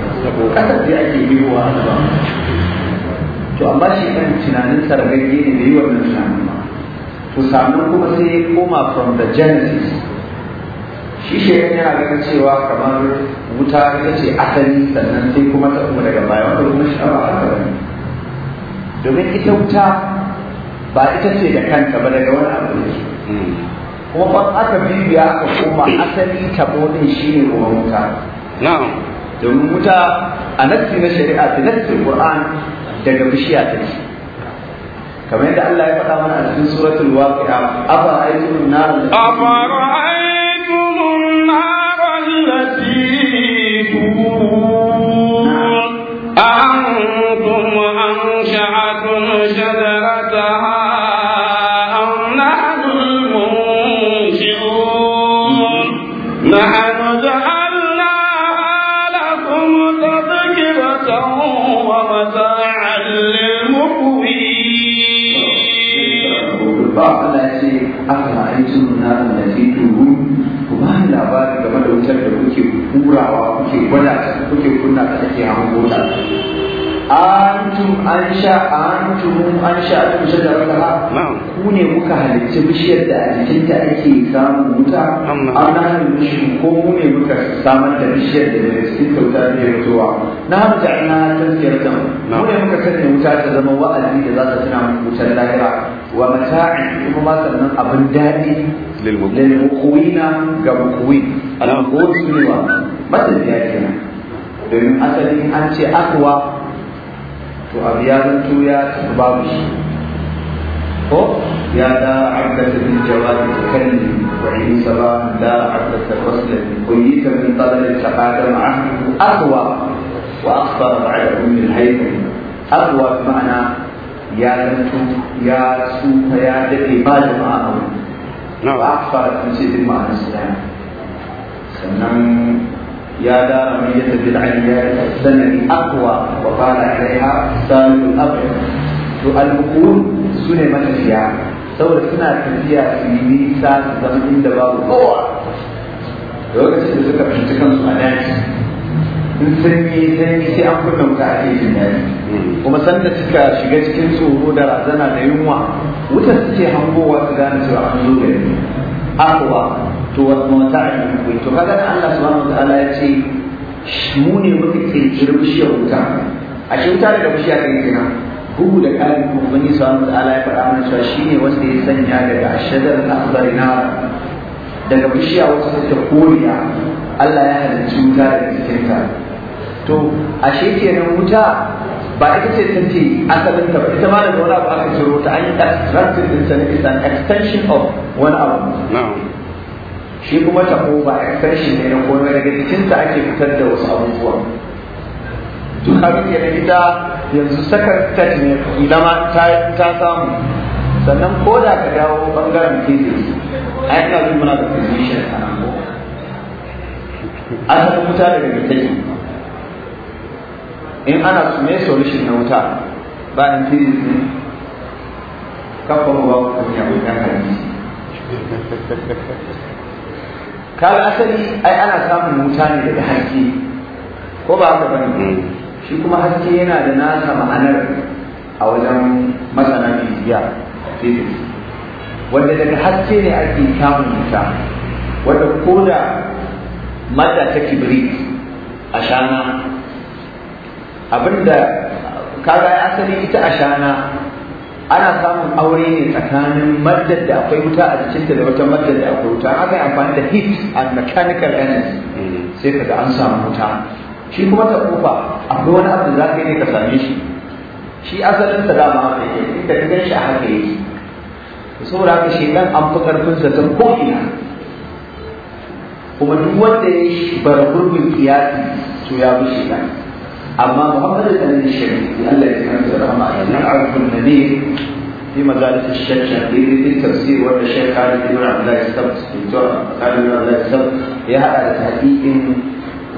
kasar da ake biyowa ba to amma shi kan tunanin sargagge ne bai yi wannan tunanin ba to sannan kuma sai ya koma from the genesis shi shi yana ganin cewa kamar wuta ita ce asali sannan sai kuma ta kuma daga baya wanda kuma shi ba haka ba domin ita wuta ba ita ce da kanta ba daga wani abu ne kuma ban aka bibiya aka koma asali tabo shi ne kuma wuta domin wuta a nassi na shari'a da nassi qur'an daga bishiya ta ce kamar yadda Allah ya faɗa mana a cikin suratul waqi'a afa afara'aytum nar afa afara'aytum nar allati an sha'atun شجرتها azaba Allah ya ce afala aitum naran da fi turu ku ba ni labari game da wutar da kuke kurawa kuke gwada kuke kunna ta take hango ta antum an sha antum an sha antum shajarataha ku ne muka halicci bishiyar da a jikinta ake samun wuta an hannun shi ko mu ne muka samar da bishiyar da daga cikin kauta ne zuwa na hamta ina tazkiyar mu ne muka sanya wuta ta zama wa'azi da za ta tuna mu wutar lahira wa mata'in kuma sannan abin daɗi lil muqwina ga muqwin al muqwin wa matafiya kenan domin asali an ce akwa to abu ya zanto ya babu shi ko ya da abdata bin jawad kalli wa in saba da abdata wasla kullita min talab al taqadam ahdu akwa wa akhbar ba'da ummi al haytham akwa bima'na ya zanto ya tsufa ya daɗe ba jama'a a ba a fara kun ce din ma'anar su daya sannan ya dara mai yadda bil'ani ya yi sanari akwa wa fara alaiha samun abu to alhukun su ne matafiya saboda suna tafiya su yi nisa su zama inda babu kowa lokacin da suka fahimci kansu a daji in sun yi sai sai an kunna wuta ake jin daɗi kuma sanda suka shiga cikin tsoro da razana da yunwa wutar suke hangowa su gane cewa an zo gari akwa to wata a yi to kaga da Allah subhanahu wa ta'ala ya ce mu ne muka kirkiri bishiyar wuta a shi wuta da bishiya kai kenan bugu da kayan kuma ubangiji subhanahu ta'ala ya faɗa mana cewa shine wanda ya sanya daga shadar akhdari na daga bishiya wata take koriya Allah ya halicci wuta daga cikin ta to ashe kenan wuta ba ita ce ta ce asalin ta ba ita ma daga wani abu aka ciro ta an yi extracted din sa is an extension of one abu shi kuma ko ba extension ne na komai daga jikinta ta ake fitar da wasu abubuwa to kaga da ita yanzu saka ta ne idan ta ta samu sannan ko da ka dawo bangaren physics A ina jin muna da physician a nan ko asalin wuta daga jikin in ana su ne solution na wuta ba in tiri ne kafin ba ku kunya kan hadisi kaga asali ai ana samun wuta ne daga haske ko ba haka bane shi kuma haske yana da nasa ma'anar a wajen masana fiziya wanda daga haske ne ake samun wuta wanda ko da mata ta kibri a shana abinda kaga asali ita ashana ana samun aure ne tsakanin maddar da akwai wuta a cikin da wata maddar da akwai wuta aka yi amfani da heat and mechanical energy mm. sai ka ga an samu wuta shi kuma ta kofa akwai wani abu da za ka yi ka same shi shi asalin ta dama haka yake inda ka gan shi a haka yake saboda haka shi dan an fi karfin sa ta ko'ina kuma duk wanda ya yi shi bar gurbin kiyasi to ya bi shi dan amma muhammad da nabi shi ne Allah ya kira da rahama ya nan arfun nabi fi shafi fi tafsir wa da shaykh ali ibn abdullah sab fi tawaf ali ibn abdullah sab ya hada da tahqiqin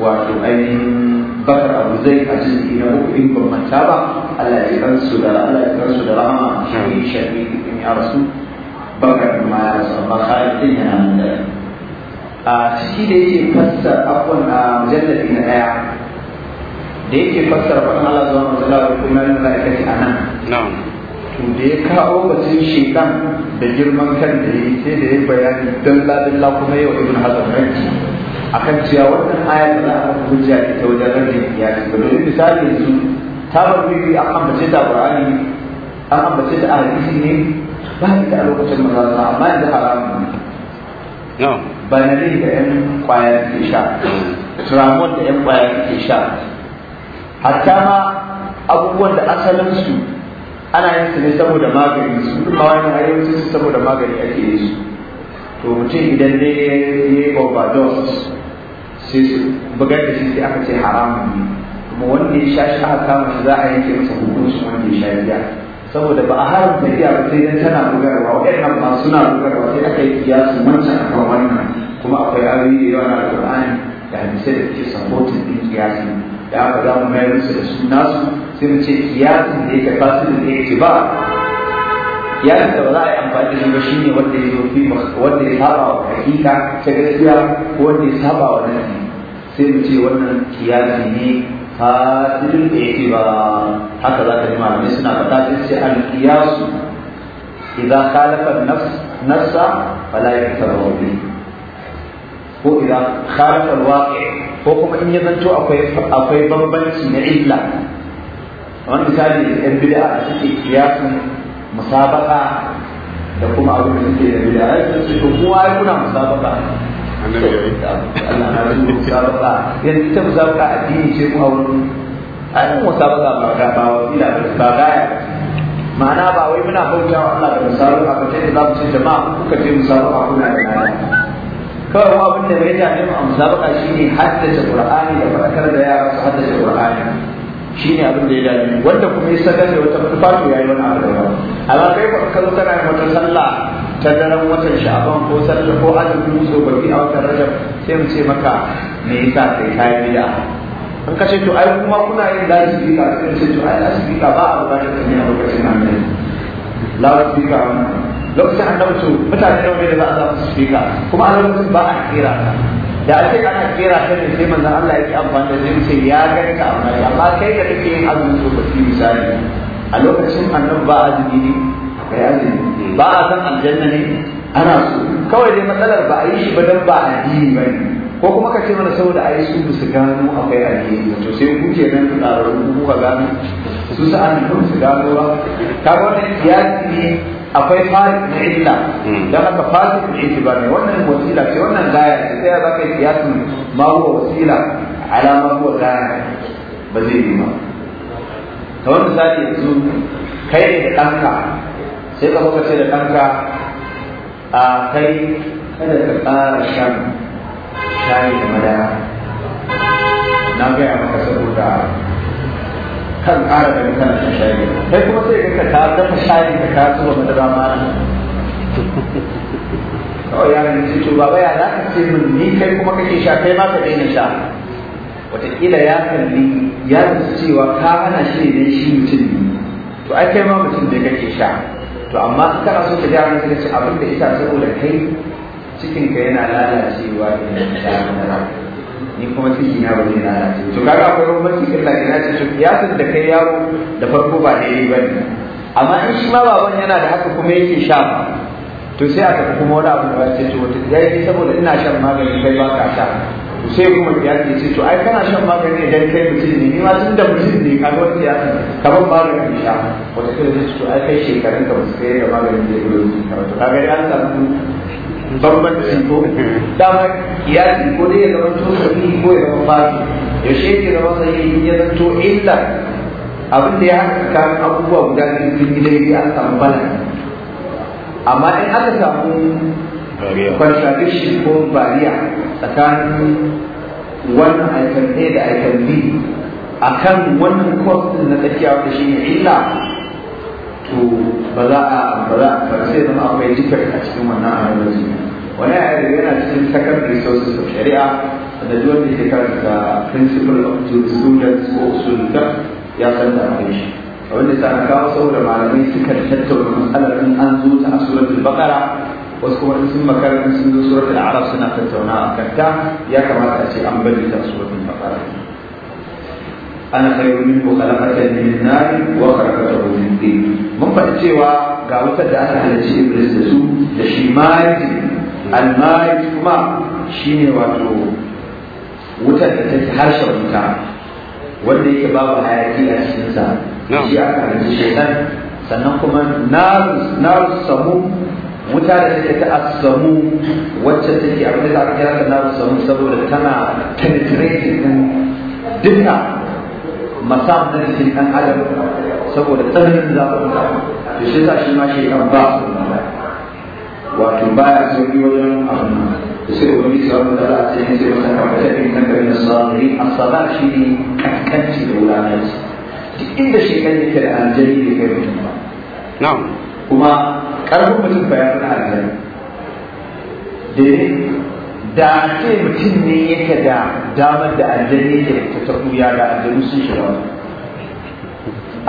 wa to ainin bakar abu zai a jiki na in kun manta ba Allah da rama ya kira su shafi ibn arsu bakar ma ya ba kai tin yana nan da a ciki da yake fassara abun a mujallabi na ɗaya. da yake fassara faɗin Allah zuwa matsala da kuma yin mala'ikaci a nan. To da ya kawo batun shekan da girman kan da ya ce da ya bayani don ladalla kuma yau ibn Hazar ranci. A kan cewa wannan ayar da aka a kafa hujja ne ta wajen rage ce, Ba domin misali su ta bar bibi kan bace ta Qur'ani kan bace ta a hadisi ne ba ni da lokacin mazaza amma yanzu haramun ne. Ba na mm. da 'yan kwayar ke sha. Tramon da 'yan kwayar ke sha. hatta ma abubuwan da asalin su ana yin su ne saboda magani su kuma wani hayyaci su saboda magani ake yi su to mutum idan ne ya yi overdose sai su bugar da shi sai aka ce haramun ne kuma wanda ya sha shi aka kama shi za a yanke masa hukuncin wanda ya sha saboda ba a haramta iya ba sai dan tana bugarwa waɗannan ba suna bugarwa sai aka yi kiyasu wancan akan wannan kuma akwai ayoyi da yawa na alƙur'ani da hadisai da ke supporting din kiyasi da aka za mu mayar musu da su nasu sai mu ce kiyasin da yake fasilin da yake ba kiyasin da ba za a yi amfani da shi ba shine wanda ya zofi wanda ya saba wa hakika ta gaskiya ko wanda ya saba wa nasi sai mu ce wannan kiyasi ne fasilin da yake ba haka za ka ji malamai suna faɗa sai su ce al kiyasu idan khalafa nafsa fala yaktabu bihi ko idan khalaqa alwaqi ko kuma in ya zanto akwai akwai bambanci na illa wani misali yan bid'a suke kiyasin musabaqa da kuma abin da suke da bid'a ai su ko kowa ya kuna musabaqa annabi ya yi Allah na rubuta yanzu ta musabaka addini ce kuma wurin ai musabaka ba ga ba ila ba ga ya ma'ana ba wai muna bautawa Allah da musabaqa ba sai da za mu ce jama'a kuka je musabaqa kuna da ayyuka kawai abin da bai dame mu a musabaka shine haddace qur'ani da farkar da yara su haddace shi ne abin da ya dace wanda kuma ya sakar da wata fatu yi wani abu da amma kai ba ka zo kana wata sallah ta daren watan sha'aban ko sallah ko azumi so babi a watan rajab sai mu ce maka me yasa kai yi bid'a an kace to ai kuma kuna yin lasibi ka ce to ai da ka ba a buƙatar ne a lokacin nan lasibi ka wannan lokacin annabi to mutane nawa ne da za a zama su shika kuma a lokacin ba a kira ta da a ce ana kira ta ne sai manzon Allah yake amfani da zai ce ya gani ka amma amma kai da kake yin azumi to ba ki misali a lokacin annabi ba a azumi ne kai azumi ba a san aljanna ne ana so kawai dai matsalar ba a yi shi ba dan ba addini ba ne ko kuma ka ce mana saboda a yi su ba su gano akwai addini to sai ku ke nan tsararru ku ka gano su sa'an da su gano ba ka ga wannan kiyasi ne akwai farik na illa hmm. don haka fasik na ba ne wannan wasila ce wannan gaya ce sai ya zaka yi kiyasin ma wasila alamar ma gaya ba zai yi ma. ta wani sati yanzu kai da ɗanka sai ka kuka ce da ɗanka a kai kada ka ƙara shan shayi da madara na gaya maka saboda kan ƙara da kan shayi kai kuma sai ka ka dafa shayi ka ka zuwa madara ma kawai yaran ce to baba ya za ka ce min ni kai kuma kake sha kai ma ka daina sha wataƙila ya kalli ya cewa ka hana shi ne shi mutum ne to ai kai ma mutum da kake sha to amma ka kana so ka gyara ka ce abin da ita saboda kai cikin ka yana lalacewa ne da madara ni kuma cikin na ne na lati to kaga akwai bambanci illa ina ce kiyasin da kai yaro da farko ba daidai ba ne amma in shi ma baban yana da haka kuma yake sha to sai aka kuma wani abu da ya ce to wata yayi saboda ina shan magani kai ba ka sha to sai kuma ya ce to ai kana shan magani idan kai mutum ne ni ma tun da mutum ne ka wani siyasa ba magani sha wata kai ce to ai kai shekarun ka ba su kai da maganin da ya gudu ka to kaga an samu bambanci ko dama kiyasi ko dai ya zama to sahihi ko ya zama fasi yaushe yake zama sahihi ya zama to illa abin da ya haka tsakanin abubuwa guda biyu sun yi daidai an samu bala amma in aka samu contradiction ko bariya tsakanin wannan aikan A da aikan B akan wannan course na tsakiya wanda shi ne illa to ba za a ba za a sai zama akwai jikar a cikin wannan analogy wani yi yana cikin secondary resources of shari'a da duk wanda ke karanta principle of jurisprudence ko usul ya san da mai shi wanda ta kawo saboda malamai suka tattauna matsalar in an zo ta a suratul baqara wasu kuma sun makarantar sun zo suratul arab suna tattauna a kanta ya kamata a ce an bari ta suratul baqara ana ko minhu ne min nar wa ko min tin mun fa cewa ga wutar da aka halarci iblis da su da shi al almariji kuma shine wato wutar da take harshen wuta wanda yake babu hayaki a sa shi aka halarci shaitan sannan kuma naru samu wuta da take ta asamu wacce take abin da aka kira ta naru samu saboda tana penetrating din duka masam na jikin ɗan adam saboda tsananin zafin to sai sa shi ma shi kan ba su wato baya sauki wajen abin da sai wani sauran da za a ce ne sai wata kamar ta ɗin kan na sarari a sabar shi ne kankanci da wulakanci duk inda shi kan yake da aljani ne kai mutum ba na'am kuma ƙarfin mutum bayan aljani daidai da a ce mutum ne yake da damar da aljanni yake da ta ya da aljanu sun shiga wani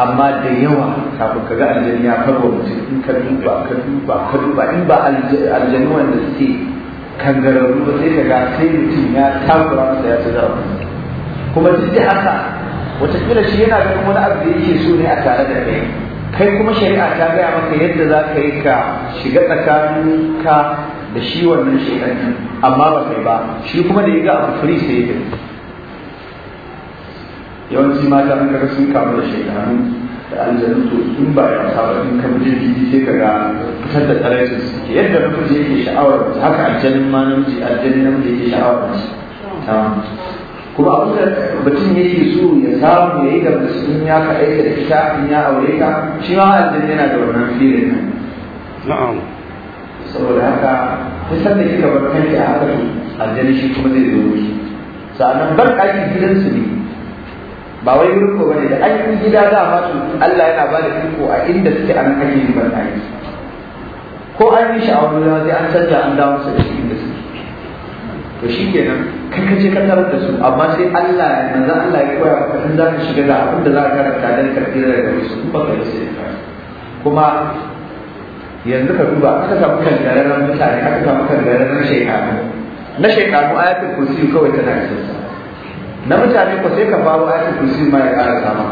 amma da yawa kafin ka ga aljanu ya karo mutum in ka duba ka duba ka duba in ba aljanu wanda suke kangararru ba sai ka ga sai mutum ya takura masa ya ci zarafi kuma duk da haka wataƙila shi yana ganin wani abu da yake so ne a tare da kai kai kuma shari'a ta gaya maka yadda za ka yi ka shiga tsakanin ka da shi wannan shaitan din amma ba kai ba shi kuma da ya ga abu firi sai ya yawanci mata an kaga sun kamu da shekaru da aljanu to in ba ya saba in kan je bibi sai ka ga fitar da tsaraicin su ke yadda namiji yake sha'awar mace haka aljanin ma namiji aljanin namiji yake sha'awar mace kuma abu da mutum yake so ya samu ya yi da mace in ya ka aika da ita in ya aure ka shi ma aljanin yana da wannan filin nan na'am saboda haka nisan da kika bar kanki a haka to aljani shi kuma zai zo shi sa'annan bar ɗaki gidansu ne ba wai wurin ko bane da an gida za a su Allah yana ba da iko a inda suke an ake ni bar ɗaki ko an yi shi a wani sai an canja an dawo su da shi inda suke to shi kenan kai ka ce ka tarar da su amma sai Allah ya manzo Allah ya koya maka in za ka shiga da abin da za ka karanta dan karfi daga gare su ba ka yi sai kuma yanzu ka duba aka samu kangararren mutane aka samu kangararren shekaru na shekaru ayatul kursi kawai tana isa na mutane ko sai ka faru ayatul kursi ma ya ƙara sama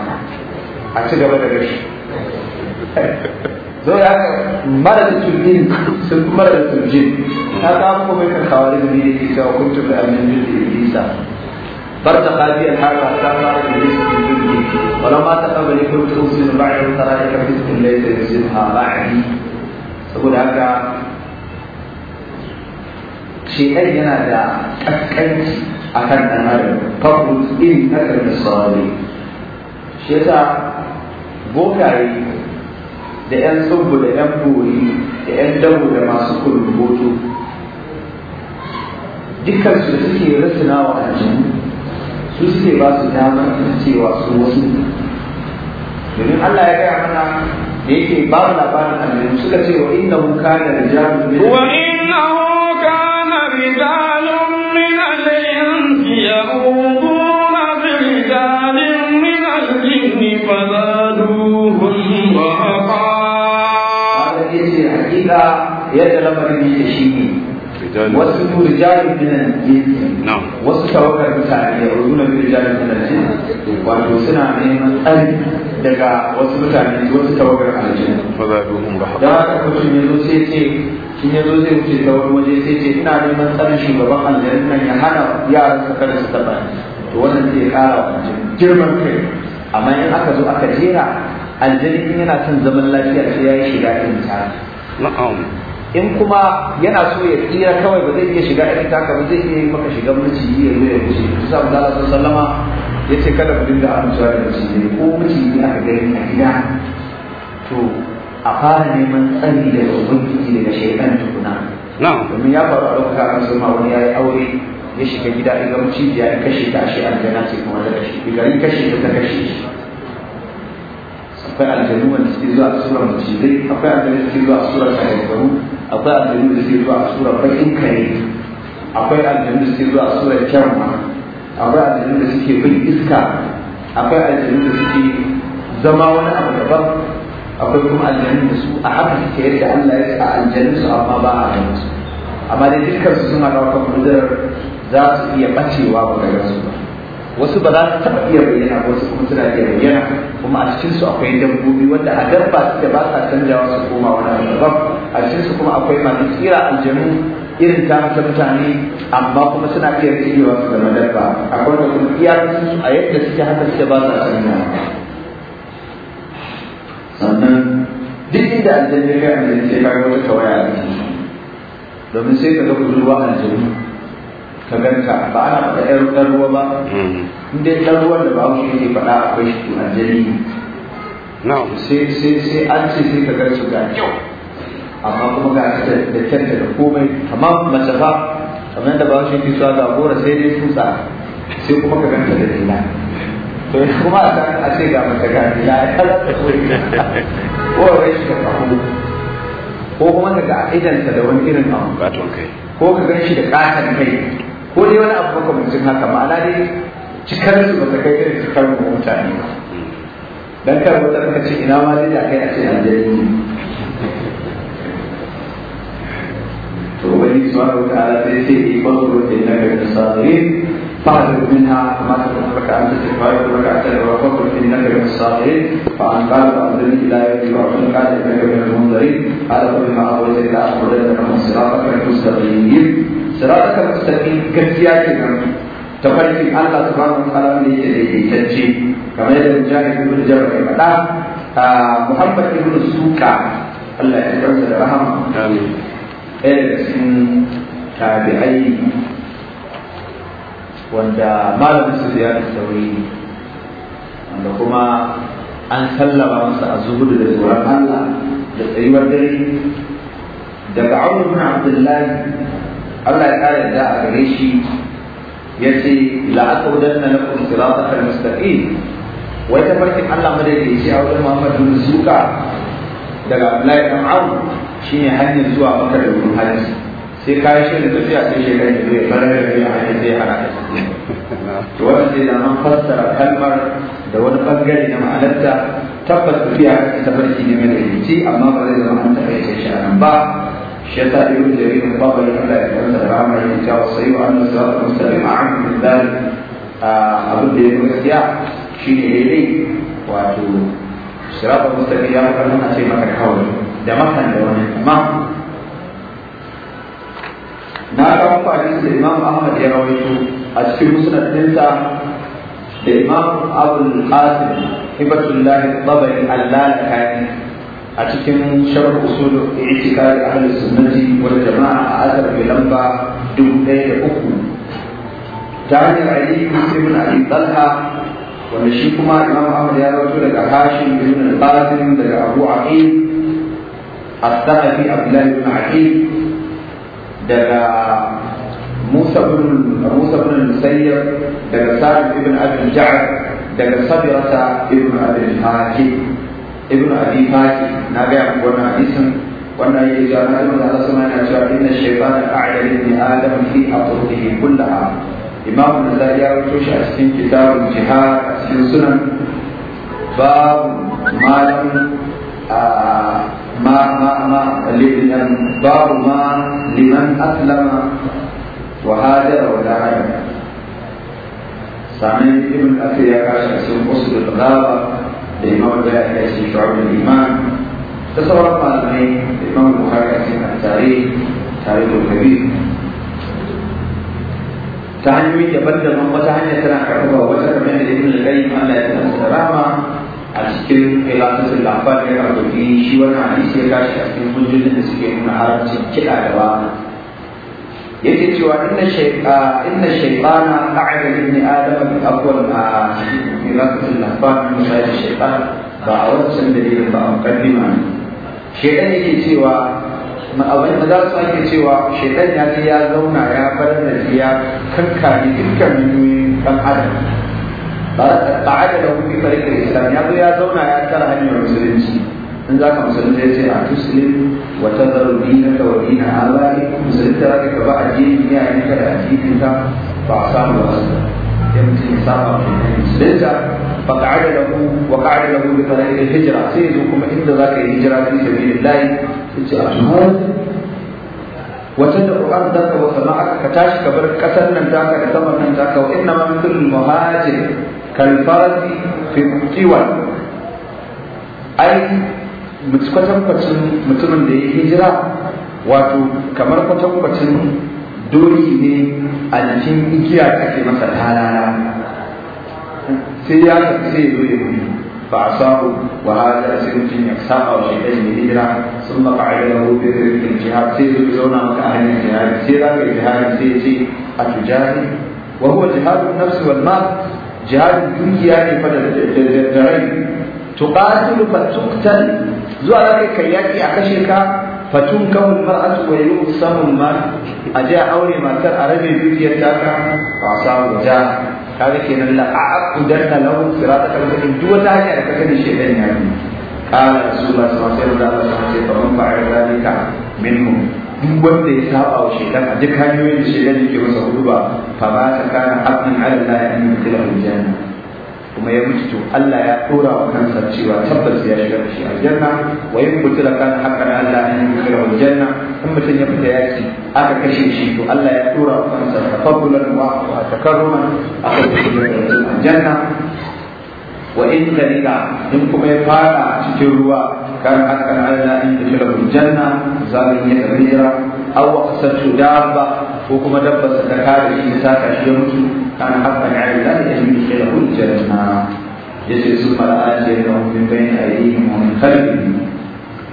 a ci gaba da rashi zo ya ka mara da turjin sun kuma mara da turjin ta samu kuma kan kawari da ne ke kawo kuntum da amin da iblisa فارتقى بي الحرب حتى صار ابليس من جلدي ولما تقبل كنت احسن بعد ترى لك رزق ليس يحسنها بعدي saboda haka shekai yana da ƙasƙanci a kan ɗan adam irin na ƙarfin saurari shi yasa bokaye da 'yan tsubu da 'yan bori da 'yan dabo da masu boto dukkan su da suke rasina wa aljanu su suke ba su damar cewa su wasu domin Allah ya gaya mana da yake ba labarin annabi suka ce wa innahu kana rijalun min wa innahu kana rijalun min al-insi yaquduna bi rijalin min al-jinni fazaduhum wa aqala hakika yadda lamarin shi ne رجال وسط رجال من الجنس نعم وسط توكل متعني يعودون برجال من الجنس وأنه سنة من ألف دقا وسط متعني وسط توكل على الجنس فزادوهم رحمة ذاك كنت من روسي تي in ya zo zai wuce ta wani waje sai ce ina neman tsarin shugaban aljanna nan ya hana yaran su kada su taɓa to wannan zai ƙara girman kai amma in aka zo aka jera aljanna yana son zaman lafiya sai ya yi shiga in ta na'am in kuma yana so ya tsira kawai ba zai iya shiga irin taka ba zai iya yi maka shiga mulki ya zo ya wuce su sa Allah sun sallama ya ce kada ku dinga amincewa da mulki ne ko mulki ne aka gani a gida to a fara neman tsari daga kiki daga shaitan tukuna domin ya faru a lokacin kan sun ma wani ya yi aure ya shiga gida ya ga mulki ya kashe ta a shi ce kuma da kashe yi kashe ta kashe shi akwai aljanu wanda suke zuwa a surar mashigai akwai aljanu da suke zuwa a surar kayankaru akwai aljanu da suke zuwa a surar bakin kare akwai aljanu da suke zuwa a surar kyanwa akwai aljanu da suke bin iska akwai aljanu da suke zama wani abu daban akwai kuma aljanu da su a haka suke yadda Allah ya sa aljanu su amma ba a ganin su amma dai dukkan su suna ɗaukar mudarar za su iya ɓacewa ba ga su ba wasu ba za su taɓa iya bayyana ba wasu kuma suna iya bayyana kuma a cikin su akwai dabbobi wanda a garba su da ba sa canjawa su koma wani abu daban a cikin su kuma akwai masu tsira aljanu irin ta mata mutane amma kuma suna iya tsirewa su zama dabba akwai da kuma iyakacin su a yadda suke haka suke ba sa canjawa sannan duk inda aljanu ya kai aljanu sai ka ga wata tawaya a domin sai ka ga kudurwa aljanu ka ganta ba ana faɗa ƴar ɗan ruwa ba mm-hmm. in dai ɗan ruwan da shi ne faɗa akwai shi to aljani sai sai sai an ce sai ka ganta ga kyau amma kuma ga ta da kyanta da komai amma mace ba kamar yadda shi ne cewa ga gora sai dai tsutsa sai kuma ka ganta da dila to kuma a kan a ce ga mace ga dila ya halatta ko ko wai shi ka samu ko kuma ka ga idanta da wani irin abu ko ka gan shi da ƙaton kai ko dai wani abu makamancin haka ma'ana dai cikar su ba ta kai irin cikar mu mutane ba dan kar wata ka ce ina ma dai da kai a ce aljani to wani subhanahu wa ta'ala sai ce ibadu innaka min as-sabirin فاعرض منها كما تتفق عن تتفق ركعة وفقر في النبي من الصالحين فعن قال فأنزلني إلى يدي وعن قال إنك من المنظرين قال قل ما أولئك إلى أخبرتك من صراطك المستقيم sirata kan gaskiya ke nan farki Allah subhanahu wa ta'ala wanda yake daidaitacce kamar yadda mujahid ibn jabr ya faɗa Muhammad ibn Suka Allah ya karanta da rahama amin ɗaya sun tabi'ai wanda malamin su ya sauri wanda kuma an sallama masa a zuhudu da tsoron Allah da tsayuwar dare daga Abu Abdullahi Allah ya kare da a gare shi ya ce la'aƙaudan na lakum sirata al wai ta farkin Allah madaidaici a wajen Muhammadu Suka daga Abdullahi dan shi ne hanyar zuwa makar da wurin Hajji sai kayi shirin tafiya sai shekaru ne zai fara da a hanyar zai hana ka to wannan sai da an fassara kalmar da wani bangare na ma'anarta tabbas tafiya ta farki ne mai rikici amma ba zai zama an taɓa shi a nan ba shi yasa ibn jarir ne babu ya kalla da wannan ramar ne cewa sai wa annabi sallallahu alaihi wasallam a hankali min dalil a abu da yake gaskiya shine yayi wato sirata mustaqim ya kan nuna ce maka kawai da makan da wani amma na ga wani hadisi da Imam Ahmad ya rawaito a cikin musnad dinsa da Imam Abu al-Qasim ibn Abdullah al-Tabari al a cikin sharar usul i'tikari ahli sunnati wani jama'a a asar mai lamba dubu ɗaya da uku ta hanyar ali ibn abi talha wanda shi kuma imam ahmad ya rawaito daga hashim ibn al-qasim daga abu aqil as-sahabi abdullah ibn aqil daga musa ibn musa ibn musayyib daga sa'id ibn abi ja'd daga sabirata ibn abi al-hakim ibn abi fati na ga yaku wannan hadisin wannan yake a na ji Allah sama yana cewa inna shaytana a'la min adam fi aturdihi kullaha imam an-nasa'i ya rawaito shi a cikin kitabul jihad a cikin sunan babu malam ما ما ما باب ما لمن اسلم وهاجر ولا عين سامي ابن الاثير يا كاشف اسم اصل الغابه da imam da ya kashi shawarar iman da sauran malamai imam bukhari a cikin tare tare da kabir ta hanyoyi daban-daban wata hanya tana karɓa wata kamar da ibn al-qayyim Allah ya tsara rama a cikin ilasatul labar ya rubuta shi wannan hadisi ya kashi a cikin hujjojin da suke nuna haramcin kiɗa da yake cewa inna shay'a inna shaytana ta'ala ibn adam bi awwal ma ilatul lahfan min ah, shaytan ba a wancan ba shaytan yake cewa abin da za su cewa ya ya zauna ya da shi ya dukkan dan adam ba da islam ya zo ya zauna ya tara hanyar musulunci in za ka musulunta ya ce a tuslim wa tazaru dinaka wa dina abai musulunta za ka ba addinin iyayenka da addinin ka ba a samu ba sai mutum ya saba musulunta فقعد له وقعد له بطريق الهجرة سيدكم عند ذاك الهجرة في سبيل الله وتدعو أرضك وسماءك كتاش كبر كسر ننتاك كتمر ننتاك وإنما مثل المهاجر كالفرد في الطول أي kwatankwacin mutumin da ya hijira wato kamar kwatankwacin dori ne a jikin igiya ake masa talala sai ya sai zo ya gudu فعصاه وهذا سنف يقساه في اجل الهجره ثم قعد له في الجهاد سير يزون كاهل الجهاد في الجهاد سيتي اتجاهد وهو جهاد النفس والمال جهاد الدنيا فدرين تقاتل فتقتل zuwa za ka kai yaƙi a kashe ka fatun kawun mar'atu wa yi samun ma a je aure matar a rabe dukiyar taka ka a samu ja ka ga kenan la a akudan na lahun sirata kan kudin duk wata hanya da ka gani shaidan ya yi masu رسول الله صلى الله عليه وسلم فمن فعل min mu. duk wanda ya saba wa shaitan a duk hanyoyin da ke yake masa hudu ba fa ba ta kana abin ala la ya yi mutila aljanna kuma ya mutu to Allah ya dora wa kansa cewa tabbas ya shiga da shi aljanna wa in kutila kan haqqan Allah yi yukira aljanna in mutum ya fita yaki aka kashe shi to Allah ya dora wa kansa tafaddulan wa takarruman aka kashe aljanna wa in tarika in kuma ya fara cikin ruwa kan haqqan Allah an yukira aljanna zalim ya kabira aw waqasatu dabba ko kuma dabba ta kare shi ta kashe mutu كان حقا على الله يجمع الخير حجة يجري ثم لآتينهم من بين أيديهم yang خلفهم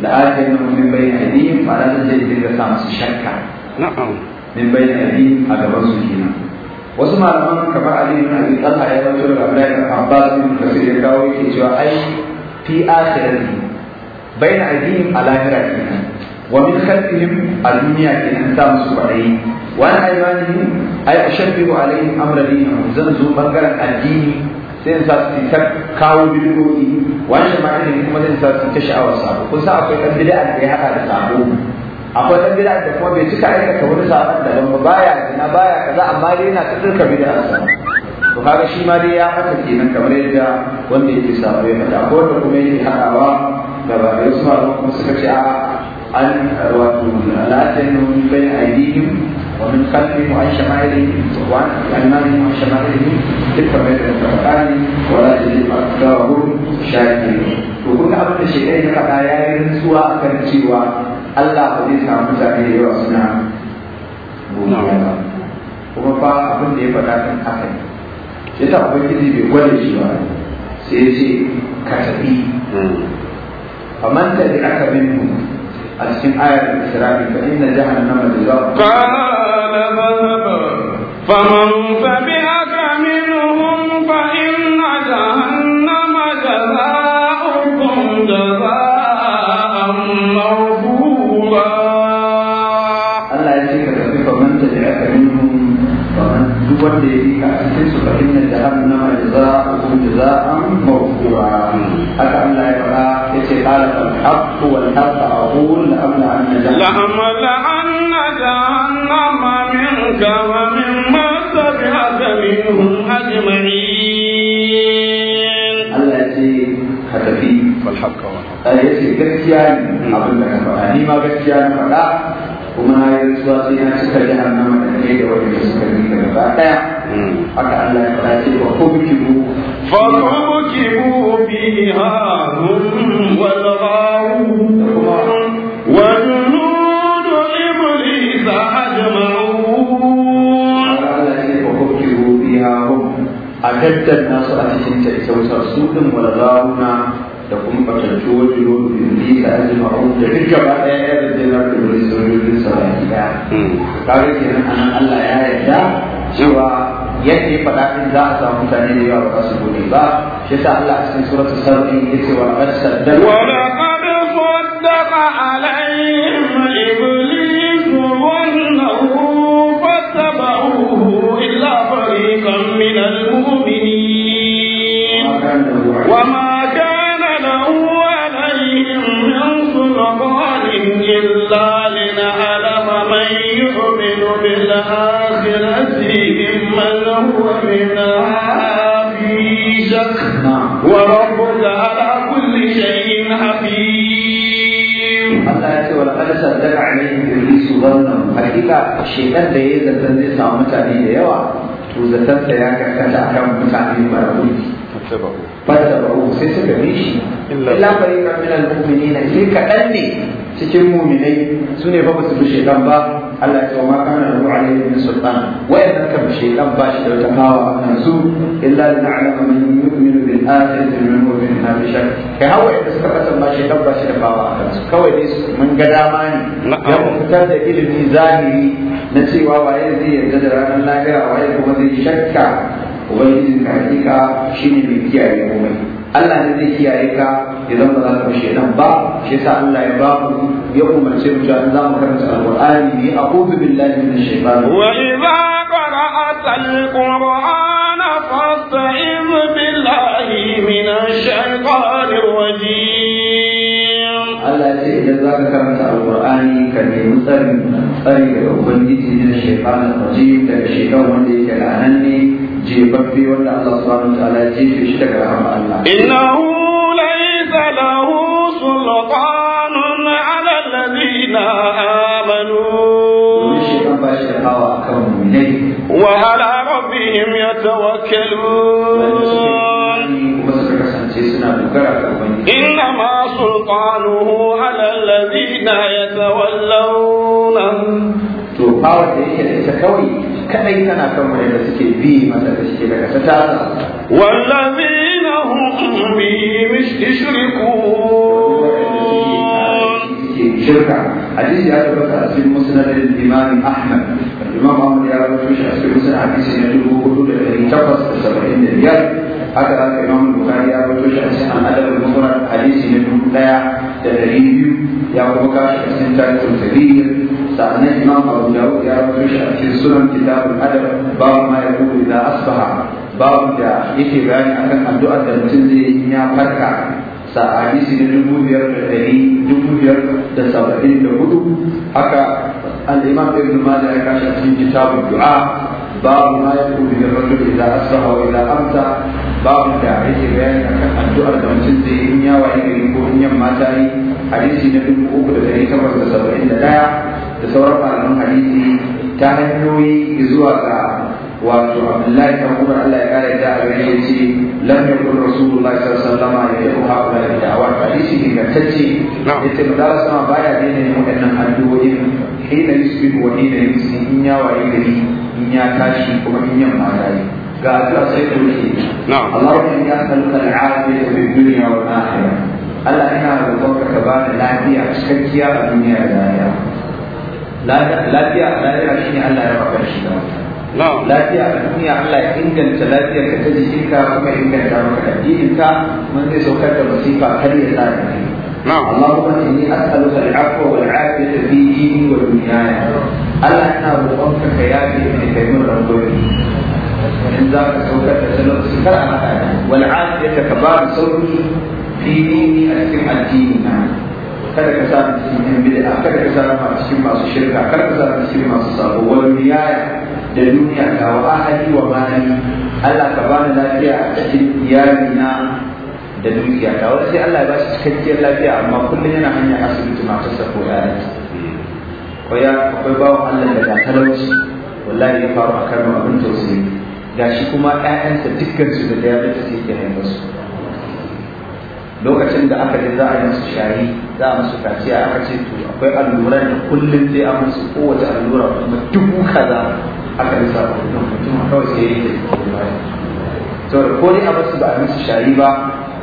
لآتينهم من Pada أيديهم فلا تجد تلك خمس شكا نعم من بين أيديهم هذا رسولنا wasu malaman kamar Ali bin Abi Talha ya rawaito daga Abdullahi bin Abbas bin Kasir ya kawo yake cewa ai fi akhirati baina aidihim ala ini ومن خلفهم الدنيا الإنسان سبعين وأنا أيمانهم أي أشبه عليهم أمر دينهم زنزو بنجر الديني sai sa su ta kawo bidiyoyi wani shama'in kuma zai sa su ta sha'awar sabo kun akwai ɗan bid'a da ya haɗa da sabo akwai ɗan bid'a da kuma bai cika aikata wani sabon da ba baya zina baya kaza amma dai yana ta tsirka bid'a sabo to shi ma dai ya haka kenan kamar yadda wanda yake sabo ya faɗa ko wanda kuma yake haɗawa da ba da wasu kuma suka ce عن أرواحهم لا تنهم من بين أيديهم ومن خلفهم وعن شمائلهم وعن أيمانهم وعن شمائلهم ذكر غير القرآن ولا تجد أكثرهم شاكرين وكنا أبدا شيئين لك آيات سوى أكثر سوى الله قديس عن مساعده وأصنع بنيانا kuma fa abin da ya faɗa kan haka ne ya ta ubangiji bai gwada shi ba sai ya ce ka tafi faman tafi aka min mu السن آية الإسراء فإن جهنم لله قال فذهب فمن فبئك منهم فإن جهنم جزاؤكم جزاء مرفوضا الله يجزيك كيف من تجعلك منهم ومن توليك أسس فإن جهنم جزاؤكم جزاء موفورا أتى الله قال الحق والحق أقول لأملأن لأملأن جهنم منك ومن من تبعك منهم أجمعين التي يجزيك والحق والحق الله يجزيك كريستيان أقول ما كريستيان فلا وما يرزقني نفسك جهنم الذي ويرزقك منك فلا حتى أن لا يقاتل وكبكبوا فركبوا فيها هم daddanna nasu a cikin ta ita wuta su din walrawuna da kuma batattu wajen rubu bi da azuma ma'un da duk gaba ɗaya ya rage na da wani sojojin sa ba gida kare kenan anan Allah ya yarda cewa yadda ya faɗa in za a samu mutane da yawa ba su gode ba shi yasa Allah a cikin suratul sarri yace wa qad saddaqa alaihim الآخرتهم هو منها في شك وربك على كل شيء حفيظ Allah ya ce wa laqad saddaqa alayhim iblis dhannahu hakika shaytan da ya zartan zai samu mutane da yawa to zartan sa ya karkata akan mutane marabu fasabahu sai suka bi shi illa fariqan min almu'minina sai kadan ne cikin mu'minai su ne fa ba su bi shaytan ba Allah ya ce ma kana lahu alayhi min sultan wa in ka bishi dan ba shi da wata hawa kan su illa lin alama man yu'minu bil akhirati min huwa min habisha kai hawa da suka fata ba shi dan ba shi da bawa kan su kawai dai mun ga dama ne ya fitar da ilimi zahiri na cewa waye zai yarda da ranar lahira waye kuma zai shakka ubangijin ka hakika shine mai kiyaye komai Allah ne zai kiyaye ka idan ba za ka bishe dan ba shi yasa Allah ya ba ku. ya umarce mu da za mu karanta alqur'ani ne a'udhu billahi minash shaitani wa idza qara'ata alqur'ana fasta'in billahi minash shaitanir rajim Allah ya ce idan za ka karanta alqur'ani ka nemi tsarin tsari daga ubangiji minash shaitanir rajim daga shaitan wanda yake la'ananne jebabbe wanda Allah subhanahu wa ta'ala ya jefe shi daga rahama Allah innahu laysa lahu sultan الذين آمنوا وعلى ربهم يتوكلون إنما سلطانه على الذين يتولونه kadai tana kan wani da bi da ta حديث هذا بقى في مسند الإمام أحمد الإمام أحمد يا رب في مسند حديث يجب وجود انتقص سبعين ريال هكذا الإمام البخاري يا رب في عن أدب المفرد حديث يجب لا تدريب يا رب في تاريخ الكبير سألنا الإمام أبو داود يا رب في سنن كتاب الأدب باب ما يقول إذا أصبح باب da yake بان akan addu'ar da mutum zai sa hadisi na dubu biyar da ɗari dubu biyar da saba'in da hudu haka al'imam ibn mada ya kashe a cikin kitabun du'a babu ma ya kudu da rajul idan asaha wa idan amsa babu da yake bayani akan addu'ar da mutum zai yi in ya waye gari ko in yamma ta yi hadisi na dubu uku da ɗari takwas da saba'in da ɗaya da sauran malaman hadisi ta hanyoyi zuwa ga wato abdullahi ta umar allah ya kare da a gare ya ce lam yakun rasulullahi sallallahu alaihi wasallam ya yi haula da da'awa hadisi ingantacce yace madara sama baya daina yin waɗannan addu'o'in hina yusbihu wa hina yumsi in ya waye in ya tashi kuma in yamma ta yi ga addu'a sai ta wuce na'am Allahumma inni as'aluka al-'afiyata fid dunya wal akhirah Allah ina roƙonka ka bani lafiya cikakkiya a duniya da lahira lafiya a lahira shine Allah ya baka shi da lafiya a duniya Allah ya inganta lafiyar ka ta jikinka kuma inganta maka addinin ka mun zai saukar da masifa kar ya sa ka اللهم اني اسالك العفو والعافيه في ديني ودنياي الله انا روحك كيابي من كيمون ربك in za ka saukar da salon su kar a haɗa wal afiya ka ba sauki fi dini a cikin addini na kada ka samu cikin bid'a kada ka samu cikin masu shirka kada ka samu cikin masu sabo wani riyaya da duniya ga wa ahli wa malami Allah ka bani lafiya a cikin iyali na da dukiya ta wani sai Allah ya ba shi cikakkiyar lafiya amma kullum yana hanyar asibiti matarsa ko ne ko ya akwai bawa Allah da ga talauci wallahi ya faru a karnar abin tausayi gashi kuma 'ya'yansa dukkan su da diabetes yake haifar su lokacin da aka yi za a yi musu shayi za a musu kaciya aka ce to akwai alluran da kullum sai an musu kowace allura kuma duk kaza aka yi sabon mutum kawai sai ya yi to ko dai a basu ba a musu shayi ba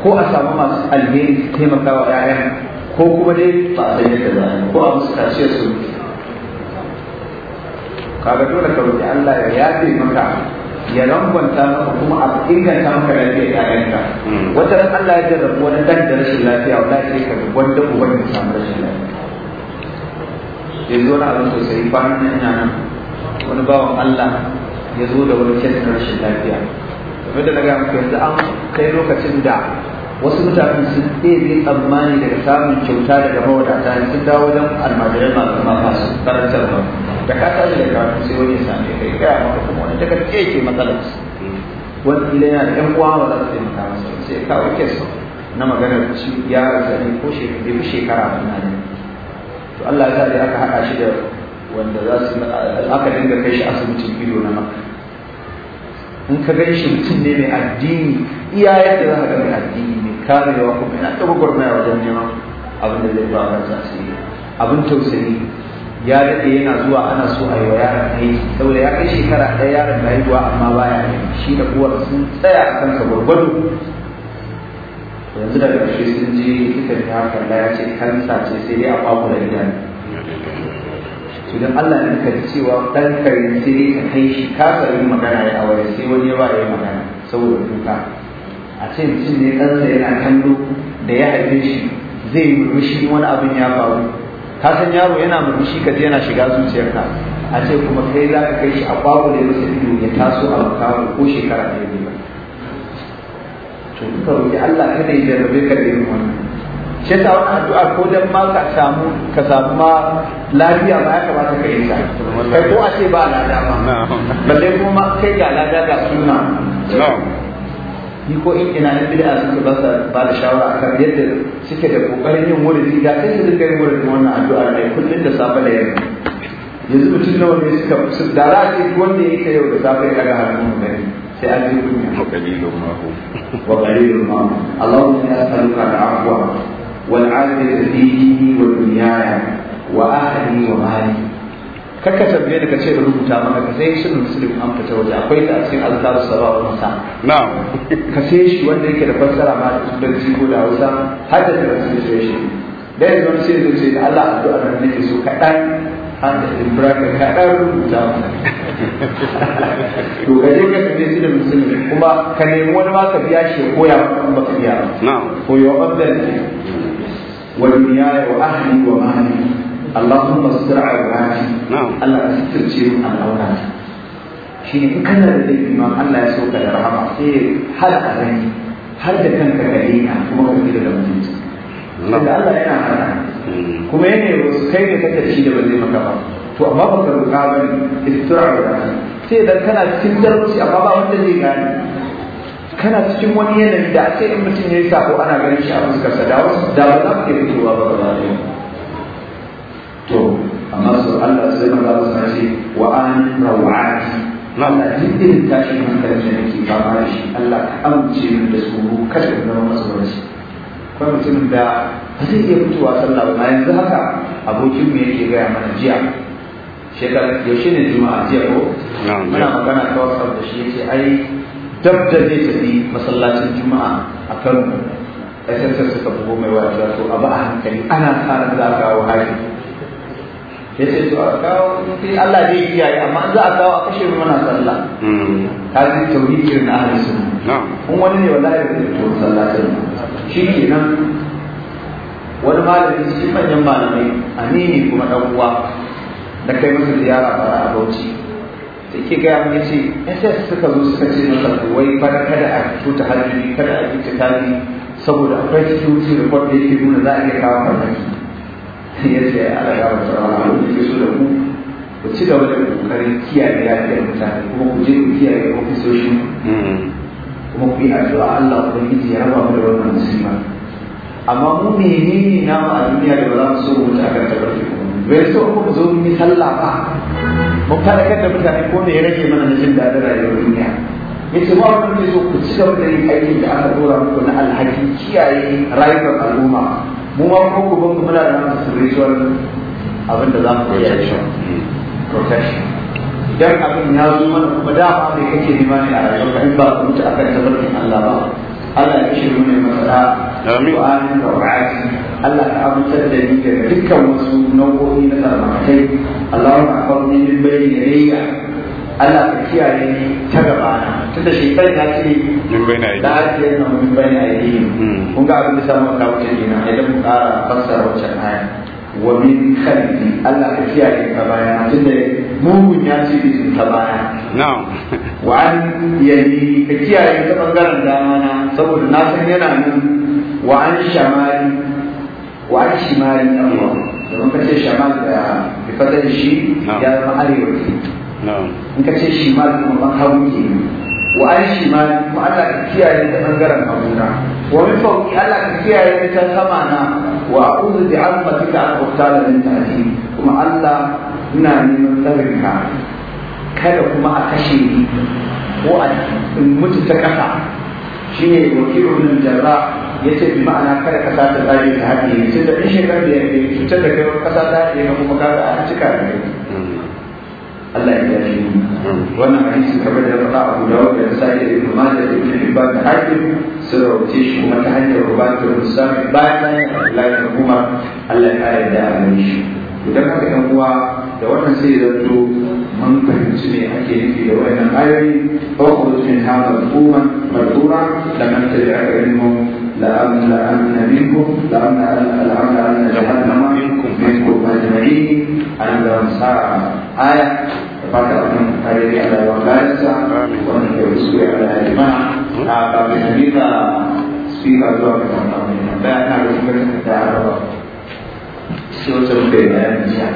ko a samu masu alheri su taimaka wa 'ya'yan ko kuma dai ba a sanya yadda ko a musu kaciya su kaga dole ka roƙi Allah ya yafe maka ya rangwanta maka kuma a inganta maka lafiyar ƴaƴanka hmm. wata ran Allah ya jarrabu wani dan da rashin lafiya wala sai ka wanda uban ya samu rashin lafiya yanzu wani abin sosai kwanan nan ina nan wani bawan Allah ya zo da wani kyan rashin lafiya kamar da na gaya ga yanzu an kai lokacin da wasu mutane sun ɗebe tsammani daga samun kyauta daga mawadata sun dawo don almajirai masu masu karantar ba da ka tashi da karatu sai wani ya same kai gaya maka kuma wani daga ke ke matsalar wani ila yana da ƴan uwa za su taimaka masa sai ya kawo su na maganar ci ya rasa ne ko shekaru shekara na ne to Allah ya sa aka haɗa shi da wanda za su aka dinga kai shi asibitin ido na maka in ka gan shi mutum ne mai addini iya yadda za ka ga addini karewa kuma yana ta gwagwarmaya wajen neman abin da zai ba su yi abin tausayi ya daɗe yana zuwa ana so a yi wa yaron aiki saboda ya kai shekara ɗaya yaron na haihuwa amma baya aiki shi da uwar sun tsaya a kansa gwargwado yanzu daga ƙarshe sun je likitan ta kalla ya ce kansa ce sai dai a kwakula gidan to dan Allah ne ka cewa dan karin sai dai ka kai shi ka magana ya aure sai wani ya ba ya magana saboda duka a ce mutum ne ɗansa yana kallo da ya haife shi zai yi murmushi wani abin ya faru ka san yaro yana murmushi ka je yana shiga zuciyarka a ce kuma kai za ka kai shi a babu da masa ido ya taso a makawa ko shekara ɗaya ne ba to duka roƙi Allah kada ya jarrabe ka da irin wannan shi ta wani addu'a ko dan ma ka samu ka samu ma lafiya ba ya kamata ka yi ta kai ko a ce ba lada ba balle kuma kai ga lada ga suna ni ko in ina na bid'a suka ba sa ba da shawara akan yadda suke da kokarin yin wuri zai sai su dinga yin wannan addu'a ne kullun da safe da yamma yanzu mutum nawa ne suka da ra a ce wanda ya ta yau da safe ya daga hannun gani sai an yi kunya wa qalilun ma hu wa qalilun ma hu ya inni as'aluka al-afwa wal 'afiyata fihi wa dunyaya wa ahli wa mali kakka tambaye da kace da rubuta maka ka sai shi muslim an fita waje akwai ta cikin azkaru sababu masa na'am ka sai shi wanda yake da fassara ma da turanci ko da Hausa har da translation da yanzu sai da ce da Allah addu'a da nake so kaɗan an da ibraka kaɗan rubuta maka to ga je ka tafi da musulmi kuma ka nemi wani ma ka biya shi koya maka in baka biya na'am ko yau abdan wa dunyaya wa ahli wa mali Allahumma sir aurati Allah ka sitirce mu al'aurata shi ne in kana ma Allah ya sauka da rahama sai har a rai har da kanka ka yi a kuma ka fi da mutunci da Allah yana hana hmm. kuma yana wasu kai ne kake da da ba zai maka ba to amma ba sai dan kana cikin darasi amma ba wanda zai gane kana cikin wani yanayi da a ce in mutum ya yi sako ana ganin shi a fuskarsa da wasu da ba za ka iya fitowa ba ba to amma su Allah sai maza ba sa ce wa an rawati Allah duk tashi hankalin da nake ba ma shi Allah ka amince min da tsoro kada ka zama masu rashi ko mutum da zai iya fitowa sallah ba yanzu haka abokin mu yake gaya mana jiya shekara yaushe ne juma'a jiya ko muna magana ta wasa da shi yace ai dab da zai tafi masallacin juma'a a kan SSS suka bugo mai wajen to a ba a hankali ana fara za ka kawo haji ya ce to a kawo sai Allah zai kiyaye amma za a kawo a kashe mu na sallah hmm. ka ji tauhidin a ahli sunna kun wani ne wallahi da to sallah ta shi kenan wani malami shi manyan malamai amini kuma dan uwa da kai masa ziyara bara a Bauchi sai ke gaya mun yace in sai suka zo suka ce masa wai fara kada a tuta hannu kada a yi tafi saboda akwai cikin report da yake nuna za a iya kawo farmaki ya ce ala ga wata rawa abin ke so da ku ku ci gaba da kokarin kiyaye lafiyar mutane kuma ku je ku kiyaye ofisoshin kuma ku yi addu'a Allah ku ubangiji ya raba mu da wannan musulma amma mu menene namu a duniya da ba za mu so mu mutu akan tabarfi bai so ku zo mu yi sallah ba mun fadakar da mutane ko da ya rage mana na jin daɗin rayuwar duniya ya yace ba wani ke so ku ci gaba da yin aikin da aka dora muku na alhaki kiyaye rayuwar al'umma mu ma ko ku banku kuma da namu spiritual abin da za mu koya shi protection idan abin ya zo mana kuma da ba da kake nema ne a rayuwa in ba ku mutu akan barkin Allah ba Allah ya shirye mu ne masala amin wa amin da wa'ati Allah ka ta da ni daga dukkan wasu nau'o'i na Allah ya kawo ni min bayyana Allah ka kiyaye ni ta gaba na tunda shi kai ta ce min bayna aidi da ce na min bayna aidi hmm. kun ga abin da samu ka wuce ina idan mu fara fassara wannan aya wa min khalqi Allah ka kiyaye ka tun tunda mugun ya ce bi ta baya na'am wa an yani ka kiyaye ta bangaren dama na saboda na san yana nan wa an shamali wa an shimali hmm. Allah domin kace shamali da bi fatan shi ya zama arewa in ka ce shi ma kuma hagu ke wa an shi ma kuma Allah ka kiyaye ta bangaren haguna wa min fawqi Allah ka kiyaye ta sama na wa a'udhu bi 'azmatika an uqtala min ta'zim kuma Allah ina neman tsarin ka kada kuma a kashe ni ko a mutu ta kasa shine wakilu min jarra ce bi ma'ana kada kasa ta zage ta haɗe tunda in shekarar da ya cutar da kai kasa ta haɗe kuma kaga a cika da kai hmm. Allah ya dace wannan hadisi kamar da faɗa Abu Dawud da Sa'id ibn Majah da Ibn Hibban da Hakim sun rawace shi kuma ta hanyar rubatu da Musami bayan Allah ya kuma Allah ya kare da amin shi idan haka ɗan uwa da wannan sai zanto mun fahimci me ake nufi da wannan ayoyi ko kuma sun hana al'umma mal'ura da man tabi'a ilmu لأمن لأمن منكم لأمن لأمن لأمن جهنم منكم منكم أجمعين عن الأنصار آية فقط من قريب على وكالسة ومن يسوي على الجماعة أبا بسبيبا سبيبا دوا بسم الله بأنا بسم الله sai wata muka yi bayan jiya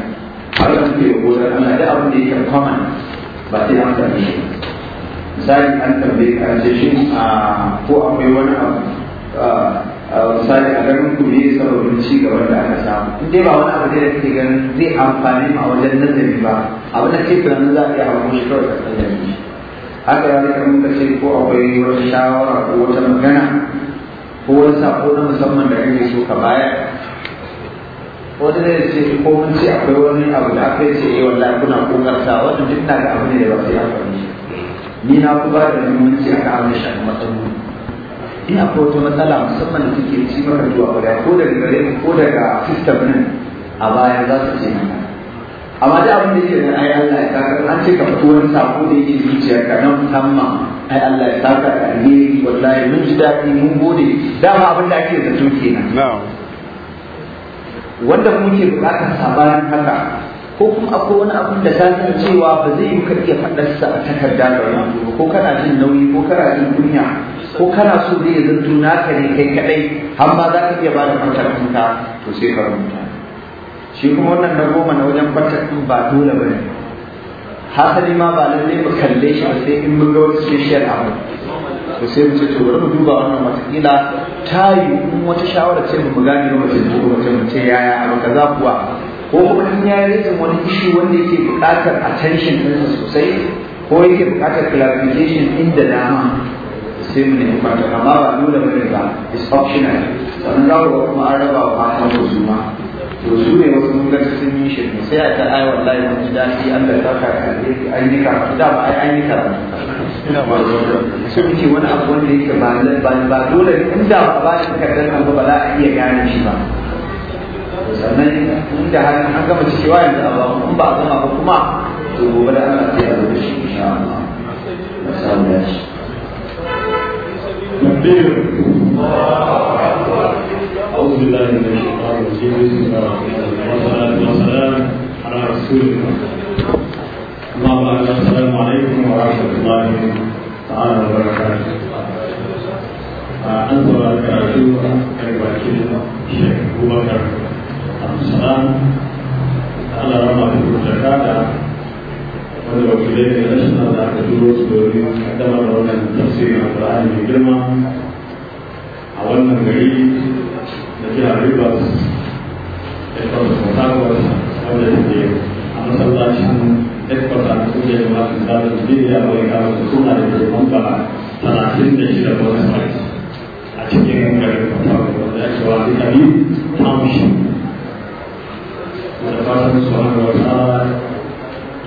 har da suke yi gobe Allah da abin da yake common ba sai an tambaye misali an tambaye ka ce shi ko akwai wani abu misali a garin ku ne saboda ci gaban da aka samu in dai ba wani abu da kake ganin zai amfani a wajen nazari ba abu da ke tunanin za a iya hawa shi kawai ka tsaya shi haka ya rika muka ce ko akwai wata shawara ko wata magana ko wani sako na musamman da kake so ka bayar Wata zai ce ko mun ce akwai wani abu da aka ce eh wallahi kuna kokarta wannan duk na ga abu ne da ba sai ya faru ni na ku ba da muhimmanci aka amince a matsalolin in akwai wata matsala musamman da suke ci mara zuwa guda ko daga gare ko daga system nan a baya za su ce mana amma da abin da yake da ai Allah ya saka an ce ka fito wani sako da yake ka na musamman ai Allah ya saka ka alheri wallahi mun ji daɗi mun gode dama abin da ake zato kenan wanda muke buƙatar sabanin haka ko kuma akwai wani abin da ta san cewa ba zai yi ka iya faɗarsa a takarda da ko kana jin nauyi ko kana jin kunya ko kana so ne ya zanto naka ne kai kadai har ma za ka iya ba da fatar ka to sai ka rubuta shi kuma wannan na goma na wajen fatar ba dole bane hasali ma ba lalle mu kalle shi a sai in mun ga wani special abu to sai mu ce to bari mu duba wannan matakila ta yi in wata shawara ce mu gane ba mutum ko mu ce yaya abu kaza kuwa ko kuma in ya yi wani ishi wanda yake buƙatar attention ɗinsa sosai ko yake buƙatar clarification inda dama sai mu nemi mata amma ba dole ba ne ba is optional sannan za ku kuma an raba ba mata da su ma to su ne wasu mun gani sun yi shi sai a ta ai wallahi mun ji dadi Allah ta ka an yi karatu da ba ai an yi karatu ina ba su ce wani abu wanda yake ba ba ba dole inda ba ba shi takardar nan ba za a iya gane shi ba sannan inda har an gama cewa yanzu a ba in ba a gama ba kuma to gobe da Allah sai a shi insha Allah. Masu كبير أعوذ بالله من الشيطان الرجيم بسم الله الرحمن الرحيم والصلاة والسلام على رسول الله أما بعد السلام عليكم ورحمة الله تعالى وبركاته أنت بارك أرجوك أي وكيل الشيخ أبو بكر السلام على رمى في الزكاة wanda ba su da na suna da wannan tafsirin alƙur'ani mai girma a gari a masallacin headquarters na kungiyar jama'atun dalil bidiya a cikin garin ake wa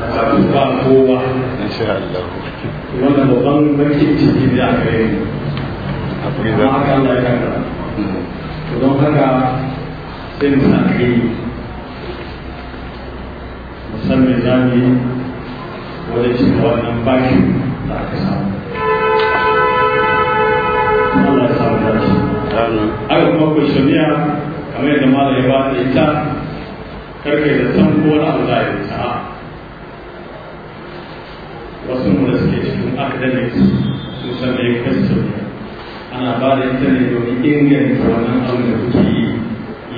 ba kowa insha Allah wannan babban bankin ciki da aka yi akwai za a kan lafiya ka to don haka sai mu sa kai musamman zami wajen cin wannan bakin da aka samu Allah ya samu dace aka kuma kwashoniya kamar yadda malam ya ba ita karkai da san ko wani abu yi wasu mu da suke cikin academics sun san da question ana ba da ita ne domin inganta wannan abin da kuke yi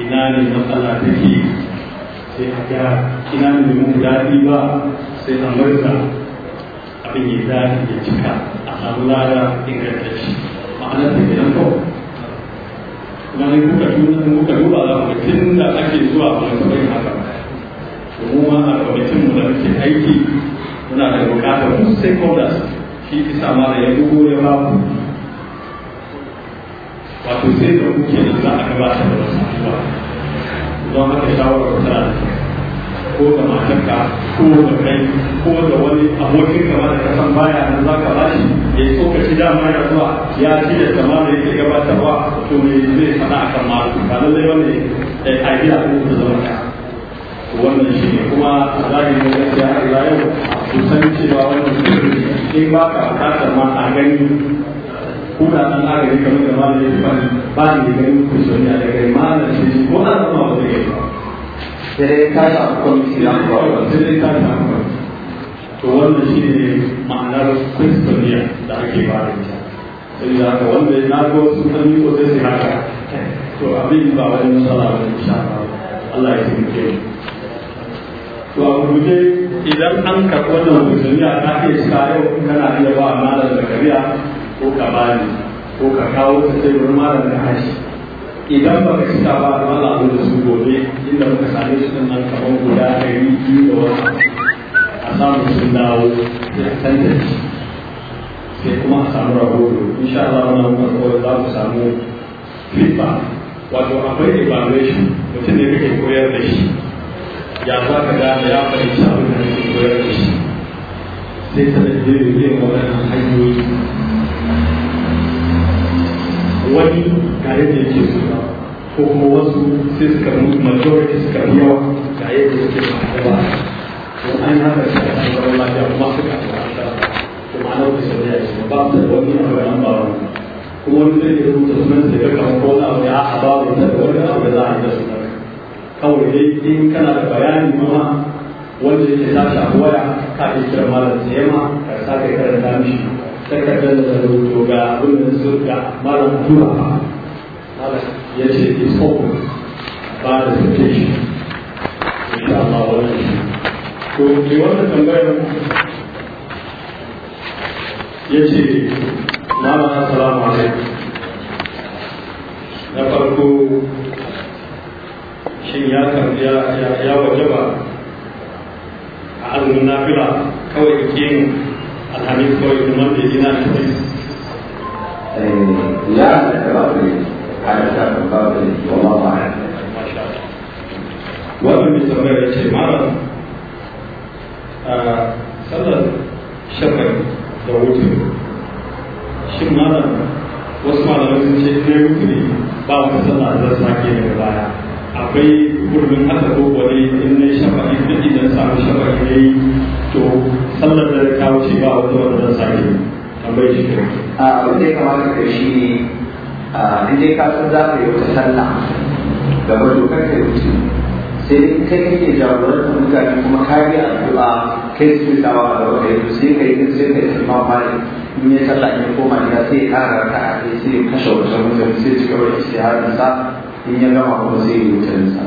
ina ne matsala take sai a gyara ina ne domin daɗi ba sai a murza abin ya daɗi ya cika a samu lada inganta shi ma'anar da gidan kawai kuma ne kuka duba kuka duba za mu tun da ake zuwa ba su bai haka domin ma a kwamitin mu da muke aiki muna da bukatar duk stakeholders shi isa ma da ya bugo ya ba ku wato sai da kuke da za a gaba ta da wasu abubuwa don haka shawarar tana da ko da matarka ko da kai ko da wani abokin ka da kasan baya na za ka bashi ya yi tsokaci dama ya zuwa ya ci da sama da ya ke gabatarwa to mai zai faɗa akan malu ba zai wani eh, idea ko da zama wannan shi ne kuma a zahirin gaskiya har ila yau su san cewa wannan in ba ka bukatar ma a gani kuna nan a gani kamar da malam ya fara ba ni da gani ku so ne a gani malam shi ko na zama ba yi ba sai dai ta kwamiti ya kuwa sai dai ka ta to wannan shi ne ma'anar kristoniya da ake ba da ita sai da haka wanda ya nago su san ko sai su haka to abin ba wani matsala ba insha Allah Allah ya taimake mu to rubuce idan an karɓi wannan musulmiya ta iya shiga yau kana iya ba da zakariya ko ka bani ko ka kawo ta sai wani malam na hashi idan baka shiga ba da malam da su gobe inda muka same su guda ɗari biyu da wata a samu sun dawo sai a tantance sai kuma a samu rahoto insha Allah wannan ko za ku samu feedback wato akwai evaluation mutum ne kake koyar da shi ya za ka gane ya fahimci abin da ke koyar da shi sai ta da yin waɗannan hanyoyi wani tare da yake suna ko kuma wasu sai suka mutu majority suka yawa tare da yake ma'ana ba to an yi haka shi a cikin lafiya kuma suka ta to ma'ana wata shari'a ce ba su da wani abu da an ba wani kuma wani zai iya rubuta sunan sai ko wani abu ya a ba wani abu da za a yi da kawai in kana da bayani ma wanda yake ta shafi waya ka iya kira malam tsayama ka sa kai karanta mishi takardar da ta rubuto ga abin da su ga malam tura ya ce ki open ba da shi insha Allah wani to ke wannan tambayar ya ce na ma salama alaikum na farko شيء يا يا يا إيه، يا وجبا على المنافرة كو يكين الحميد كو يكمل بيجينا الحديث لا تتغافل على شعب القاضي وما ما وأنا بالنسبة لي شيء ما رأى سأل شكر دعوته شيء ما رأى وسمع لنا شيء في وقتي بعض السنة أدرس معك يا akwai gurbin haka ko wani in na shafa'i duk idan samu shafa'i ne to sallar da ta wuce ba wata wata don sake tambayi shi a wanda ya kamata ka shi ne in dai ka san za ka yi wata sallah gaba dokar ka wuce sai in kai kake da mutane kuma ka a addu'a kai su da a da kai to sai kai sai kai kuma malik in ya sallah in ya koma gida sai ya kara ka a sai ya kashe wata mutane sai ya ci gaba da sa. in ya gama kuma sai ya wuce nisa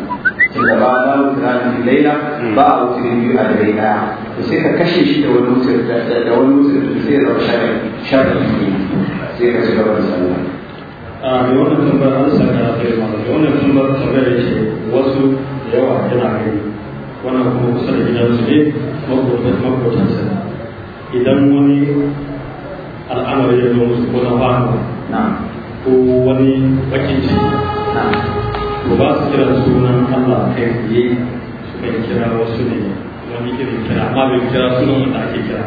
tunda ba za mu kira ni laila ba a wuce biyu a dare daya to sai ka kashe shi da wani wuce da wani wuce da sai ya zama shari shari sai ka ci gaba da sallah a mai wannan tambayar an saka ka kai ma mai wannan tambayar tambayar ce wasu yawa yana kai wannan kuma kusa da su ne makotansa idan wani al'amari ya zo musu ko na ko wani bakin ciki ba su kira sunan Allah kai tsaye suka kira wasu ne wani irin kira amma bai kira sunan wanda ake kira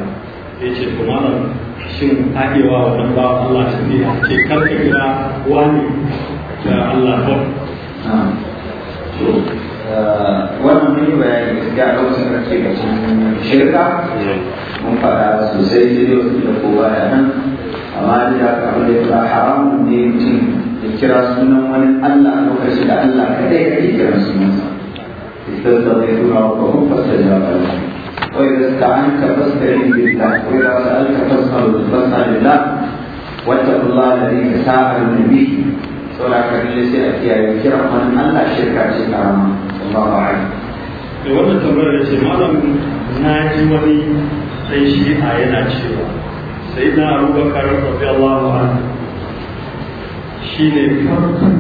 ya ce to malam shin haɗewa wannan ba Allah shi ne a ce kar kira wani kira Allah ba eh, wannan mun yi bayani gaskiya a lokacin da ke gashin shirka eh. mun faɗa sosai ne lokacin da kowa ya nan amma da ka abin da ya haram ne mutum kira sunan wani Allah a da Allah kadai ka kira sunan sa. Isar da zai tura wa kwa kuma fasa ta an ka fasa yin gida, wai da wata an ka fasa da fasa da la, wata kula da ne ka sa a wani bi, saura sai a kiyaye kira wani Allah shirka ce karama, sun ba ba ai. Mai tambayar da ce, Malam na ji wani ɗan shi'a yana cewa, sai na Abubakar Rafi Allah wa'ala. shi ne farkon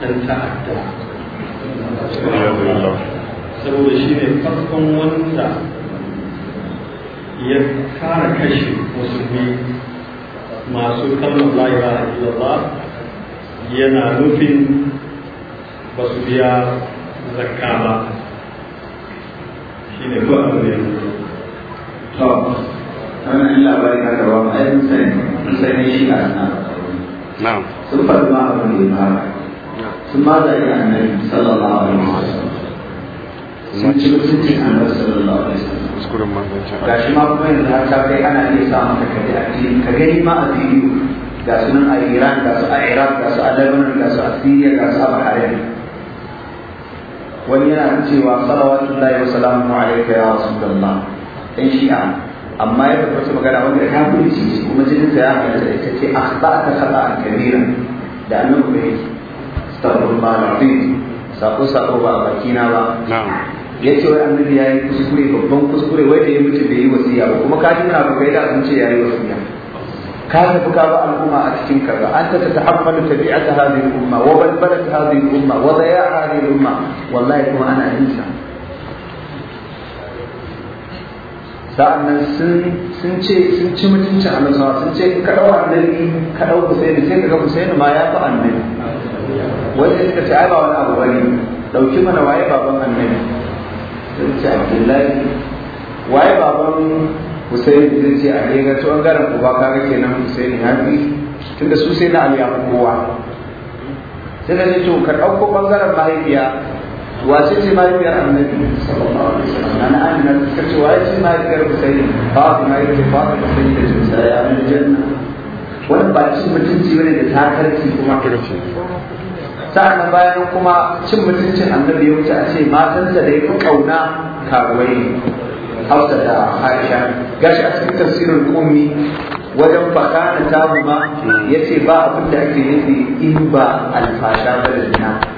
ɗan ta'adda saboda shi ne farkon wanda ya fara kashe musulmi masu kalmar la'ira a illallah yana nufin ba su biya zakka ba shi ne ko abu ne to shi a na'am sun faɗi ma abin da ya fara sun ma da ya annabi sallallahu alaihi wasallam sun ma kuma yanzu har ta kai ana iya samun ka kaje a cikin ka gani ma a fili. ga a Iran ga su a Iraq ga su a Lebanon ga su a Syria ga su a Bahrain wani yana cewa salawatullahi wa salamu alayka ya rasulullah dan shi'a amma ya tabbata magana wanda ya shi kuma jinin ta ya da ita ce akhta'ta a kabira da annabi bai yi astaghfirullah alazim sako sako ba a baki na ba ya ce wai annabi ya yi kuskure babban kuskure wai da ya mutu bai yi wasiya ba kuma kafin na bakai da sun ce ya yi wasiya ka ta fuka ba al'umma a cikin kaza an ta ta tabi'ata hadhihi al-umma wa balbalat hadhihi al-umma wa daya'a hadhihi al-umma wallahi kuma ana insa sa'annan sun ce sun ci mutuncin annabi sun ce ka dau annabi ka dau Husaini sai ka ga Husaini ma ya fi annabi wanda suka ce ai ba wani abu bane ɗauki mana waye baban annabi sun ce Abdullahi waye baban Husaini zai ce a ne ga to bangaren uba kaga kenan Husaini ya fi tunda su sai na Ali kowa sai ka ce to ka ɗauko ɓangaren mahaifiya wace ce mahaifiyar annabi sallallahu alaihi wasallam ana amina ta ce wace ce mahaifiyar husaini babu ma yake babu da sai da jinsa ya min janna wannan ba cin mutunci bane da takarci kuma sa'an bayan kuma cin mutuncin annabi ya wuce a ce matansa da ya fi kauna karuwai hausa da aisha gashi a cikin tafsirin ummi wajen faɗa na tabu ma ya ce ba abin da ake nufi in ba alfasha ba da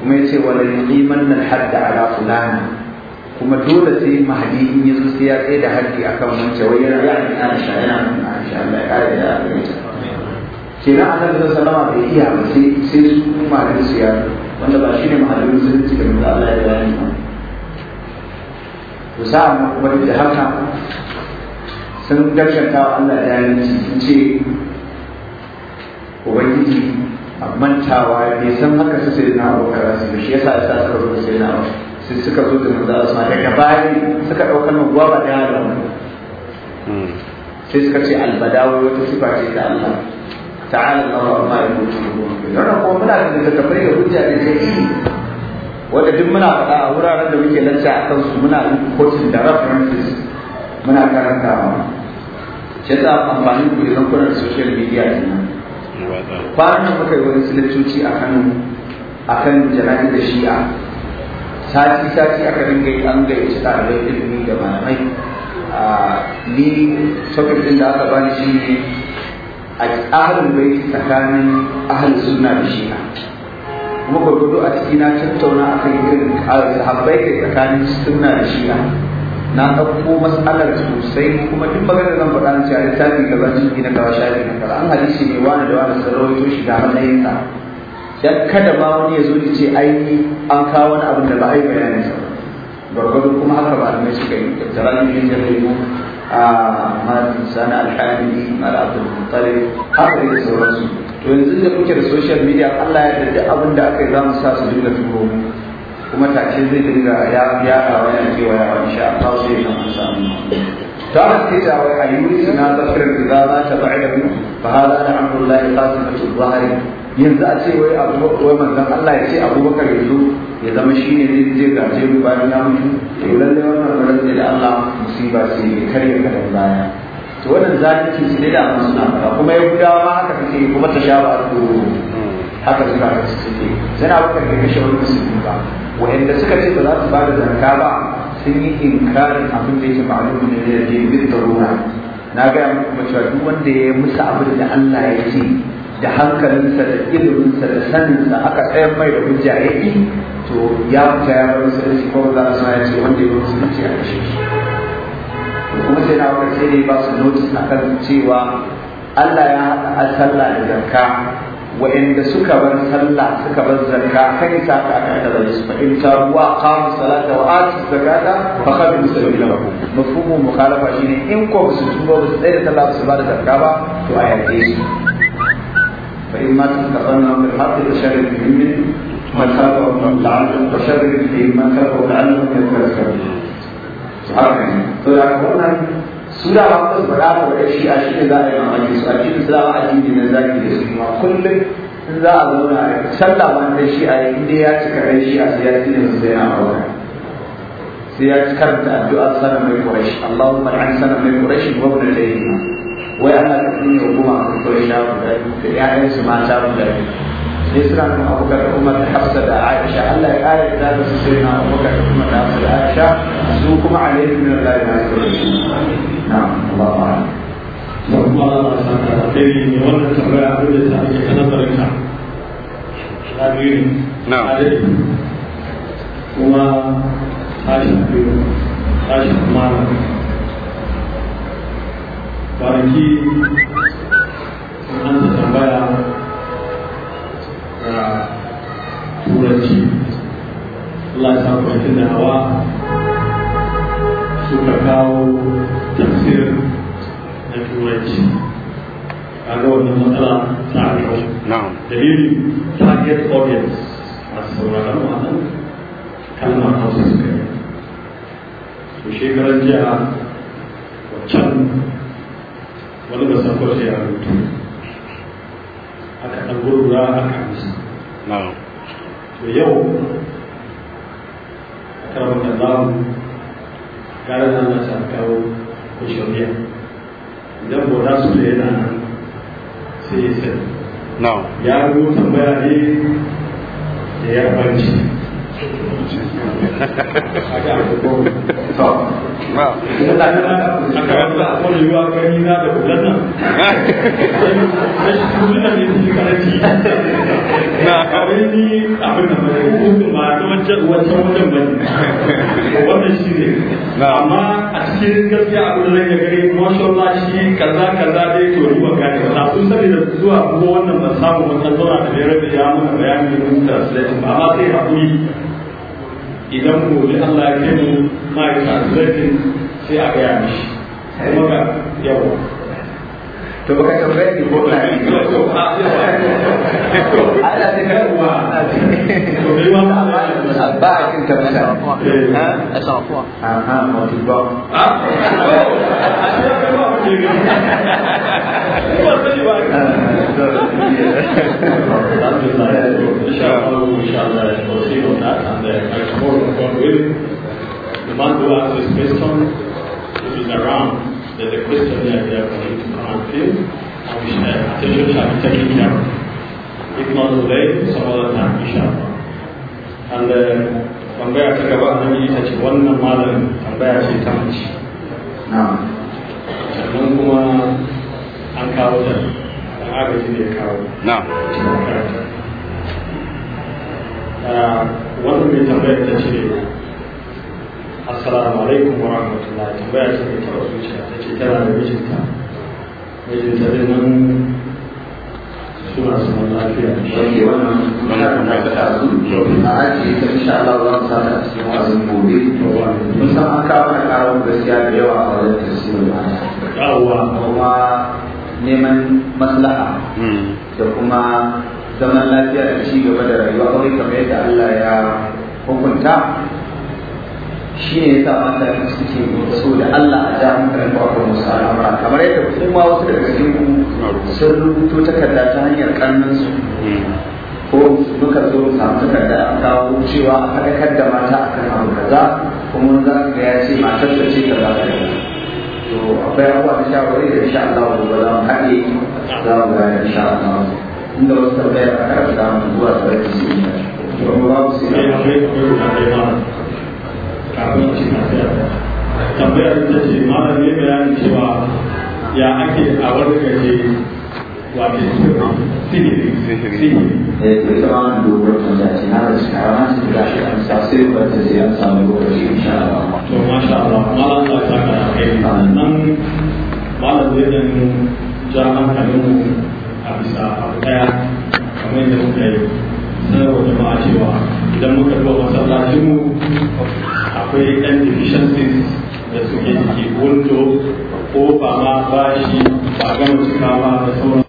kuma ya ce wala yuqiman al hadda ala fulani kuma dole sai mahadi in ya zo sai ya tsaye da haddi akan wancan wai yana ya ni Aisha yana ni Aisha Allah ya kare da gare kenan annabi sallallahu alaihi wasallam bai iya ba sai sai su malamin su ya wanda ba shine mahadin musulunci da manzo Allah ya bayani ba to sa mu kuma da haka sun gaskata Allah da yanci sun ce ubangiji mantawa bai san haka su sai na abokan rasu da shi yasa ya sa suka zo sai na sai suka zo da manzo Allah daga baya suka nan mu gwaba da yaro hmm. sai suka ce albadawi wata sifa ce ta Allah ta'ala Allahu amma yakunu don ko muna da tattafai da hujja da dalili wanda duk muna faɗa a wuraren da muke lacca a kansu muna kotun da references muna karantawa shi yasa amfani ku idan da social media kenan bayan da muka yi wani silatoci a kan a kan shi'a sati sati aka dinga yi an gayyaci da ilimi da malamai ni sokar din da aka bani shi ne a ahalin bai tsakanin ahalin suna da shi'a kuma gwargwado a ciki na tattauna akan irin da kai tsakanin suna da shi'a na ɗauko matsalar sosai kuma duk maganar zan faɗa na cewa littafi ka zan ciki na kaza shafi na kaza an hadisi ne wani da wani sun rawaito shi ga matsayin sa dan kada ma wani ya zo ya ce ai an kawo wani abin da ba a yi bayanin sa gwargwado kuma haka ba almai suka yi tattalin yin jami'u a malin sani alhamdi mala abdul mutare haka da sauransu to yanzu da kuke da social media Allah ya yarda abin da aka yi za mu sa su dinga turo mu kuma tace zai dinga ya yaɗawa yana cewa ya wani sha ta sai ya kama samu ta ke da wai a yi musu na zafirin da za ta da mu fa hada da Abdullahi qasimatu zahiri yanzu a ce wai abu wai manzon Allah ya ce Abubakar yanzu ya zama shi ne zai je gaje mu bayan ya mutu to eh, lalle wannan rantsi da Allah musiba ce ya karya kadan baya to wannan zalunci su ne da amma suna fara kuma ya gudawa ma haka ce, kuma ta sha ba haka suka suke sai na bakar da kashe wani musulmi ba wanda suka ce ba za su ba da zanka ba sun yi inkarin abin da yake ma'alum ne da yake bin darura na ga kuma cewa duk wanda ya musu abin da Allah ya ce da hankalinsa da ilminsa da saninsa aka tsayar mai da hujja ya yi to ya fita ya bar musulunci ko za su ya ce wanda ya mace a kashe shi kuma sai na wakar sai dai ba su notice kan cewa Allah ya haɗa sallah da zanka. وإذا سكبن سلا سكبن زكاة كيسا تأكد هذا يصبح إن تروا قام الصلاة وآت الزكاة فقد يسلم إلى ربهم مفهوم مخالفة إن إنكم بسجوبة بسجوبة الله بسجوبة الزكاة فأي أكيس فإما تتقلنا من حق الشر المهم مكافة لعلم الشر المهم مكافة لعلم الشر المهم سبحانه وتعالى su da ba kuma ba ta wadda shi a shi za a yi mamaki su a cikin su da ba addini na zaki da su ma kullum in za a zauna a sallah ban da shi a yi inda ya cika ran shi a siyasi da zai na aure sai ya ci karanta addu'ar sanar mai quraish Allahumma al'an sanar mai quraish wa yi ma. wai ana kafin ya goma a kan quraish da ya ayyansu mata guda biyu يسلم أبو بكر أمة حفصة عائشة ألا آية ذات سيدنا أبو بكر أمة حفصة عائشة سوكم عليه من الله ما يسلم نعم الله أعلم kwanaki an tambaya da turanci Allah ya samu mai suka kawo tafsir na turanci a ga wannan matsala ta arewa dalili target audience a sauraron wannan kalmar hausa suka yi to shekaran jiya wancan wani ba san a ya rubutu aka ɗan gurgura aka hamsin to yau a karamar da mu gara da na sa kawo ko shari'a idan za su da yana nan sai ya sani ya rubuta tambaya ne da yarbanci a amma a cikin gaskiya abin da ya gani mashallah zuwa kuma wannan wata zauna da ya rabe ya mana idan gobe Allah ya kai mu mai translating sai a gaya mishi kuma ga yawa to baka tambaye ni ko na ni to a Allah sai ka ruwa to bai wa Allah ba a kin tabbata ha eh, a sa kuwa aha ti ba ah? Inshallah, we shall proceed on that and uh, tomorrow, God willing, the man who asked this question, if he's around, there's a question there, there and we should, uh, attention shall be taken care If not today, some other time, inshallah. And uh, tambaya ta gaba a nan ita ce wannan malamin tambaya ce ta mace. Sannan kuma an kawo ta an agaji da ya kawo na ah, wannan mai tambayar ta ce assalamu alaikum wa rahmatullahi tambaya ce mai taɓa zuciya ta ce tana da mijinta mijinta zai nan suna saman lafiya shi wannan muna da ta su a aji ta insha Allah za mu sata a cikin wazin gobe mun san an kawo na karon gaskiya da yawa a wajen tasirin ba kuma neman maslaha hmm. da kuma zaman lafiya da ci gaba da rayuwa kawai kamar yadda Allah ya hukunta shi ne ya yasa mata suke so da Allah a ja hankalin bakon musu al'amura kamar yadda kuma wasu daga cikin ku sun rubuto takarda ta hanyar karnin su hmm. ko muka zo samu takarda an kawo cewa a faɗakar da mata a kan abu kaza kuma za ka ga ya ce matar ce ta za ta to akwai abubuwa na shawarwari da insha Allah gobe za mu haɗe za mu gane insha Allah inda wasu tambayar a kan za mu zuwa sarki su yi to mu ba mu sai da akwai kafin ci na sai tambayar ya ake a wani sihiri sihiri da an dogara kan da ce na rasu kara su da shi an sa sai ba ta sai an samu lokaci insha Allah to masha Allah malam da ta kana kai nan malam zai dan ja hankalin mu a bisa abu daya kamar yadda muka yi sanarwa jama'a cewa idan muka duba masallacin mu akwai ɗan deficiencies da suke jiki wando ko ba ma bashi ba gama cikawa da sauran